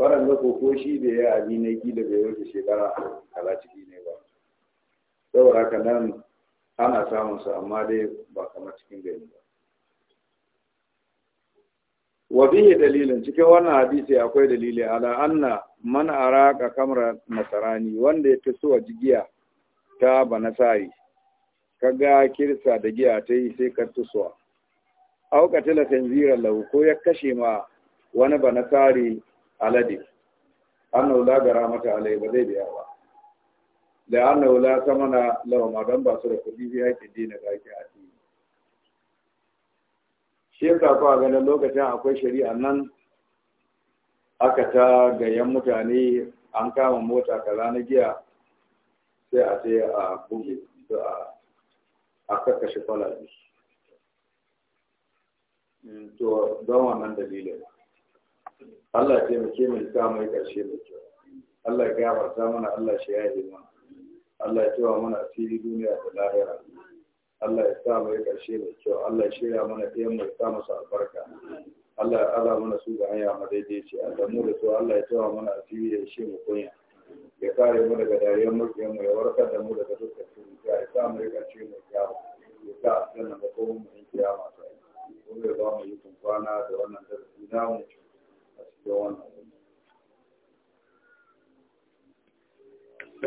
wannan ko ko shi da ya abi na da bai wuce shekara kala ciki ne ba saboda haka nan ana samun su amma dai ba kamar cikin gari ba wa bihi dalilin cikin wannan hadisi akwai dalili ala anna man araka kamra nasarani wanda ya taso wa jigiya ta banasari kaga kirsa da giya ta yi sai ka tusuwa au katila tanzira lahu ko ya kashe ma wani banasari alade annahu la garamata alai ba zai biya ba da annahu la samana lawa dan ba su da kuɗi biya ke dina ga ke a cikin shi yasa ko a ganin lokacin akwai shari'a nan aka ta yan mutane an kama mota ka na giya sai a ce a buge a kakashe kwalabe hmm, to don wannan dalilin Allah ya taimake mu ta mai karshe mai kyau Allah ya gafarta mana Allah shi ya yi mana Allah ya tawa mana asiri duniya da lahira Allah ya sa mai karshe mai kyau Allah ya shirya mana ɗayan mai sa masa albarka Allah ya ala mana su ga hanya madaidaici a damu da su Allah ya tawa mana asiri ya shi mu kunya ya kare mu daga dariyar mulkin mu ya warkar da mu daga dukkan cikin ya sa mu rika da kyau. ya sa a sanar da kowa mu yi kiyama ta yi kuma ya ba mu yi kwana da wannan darasi mu. a wannan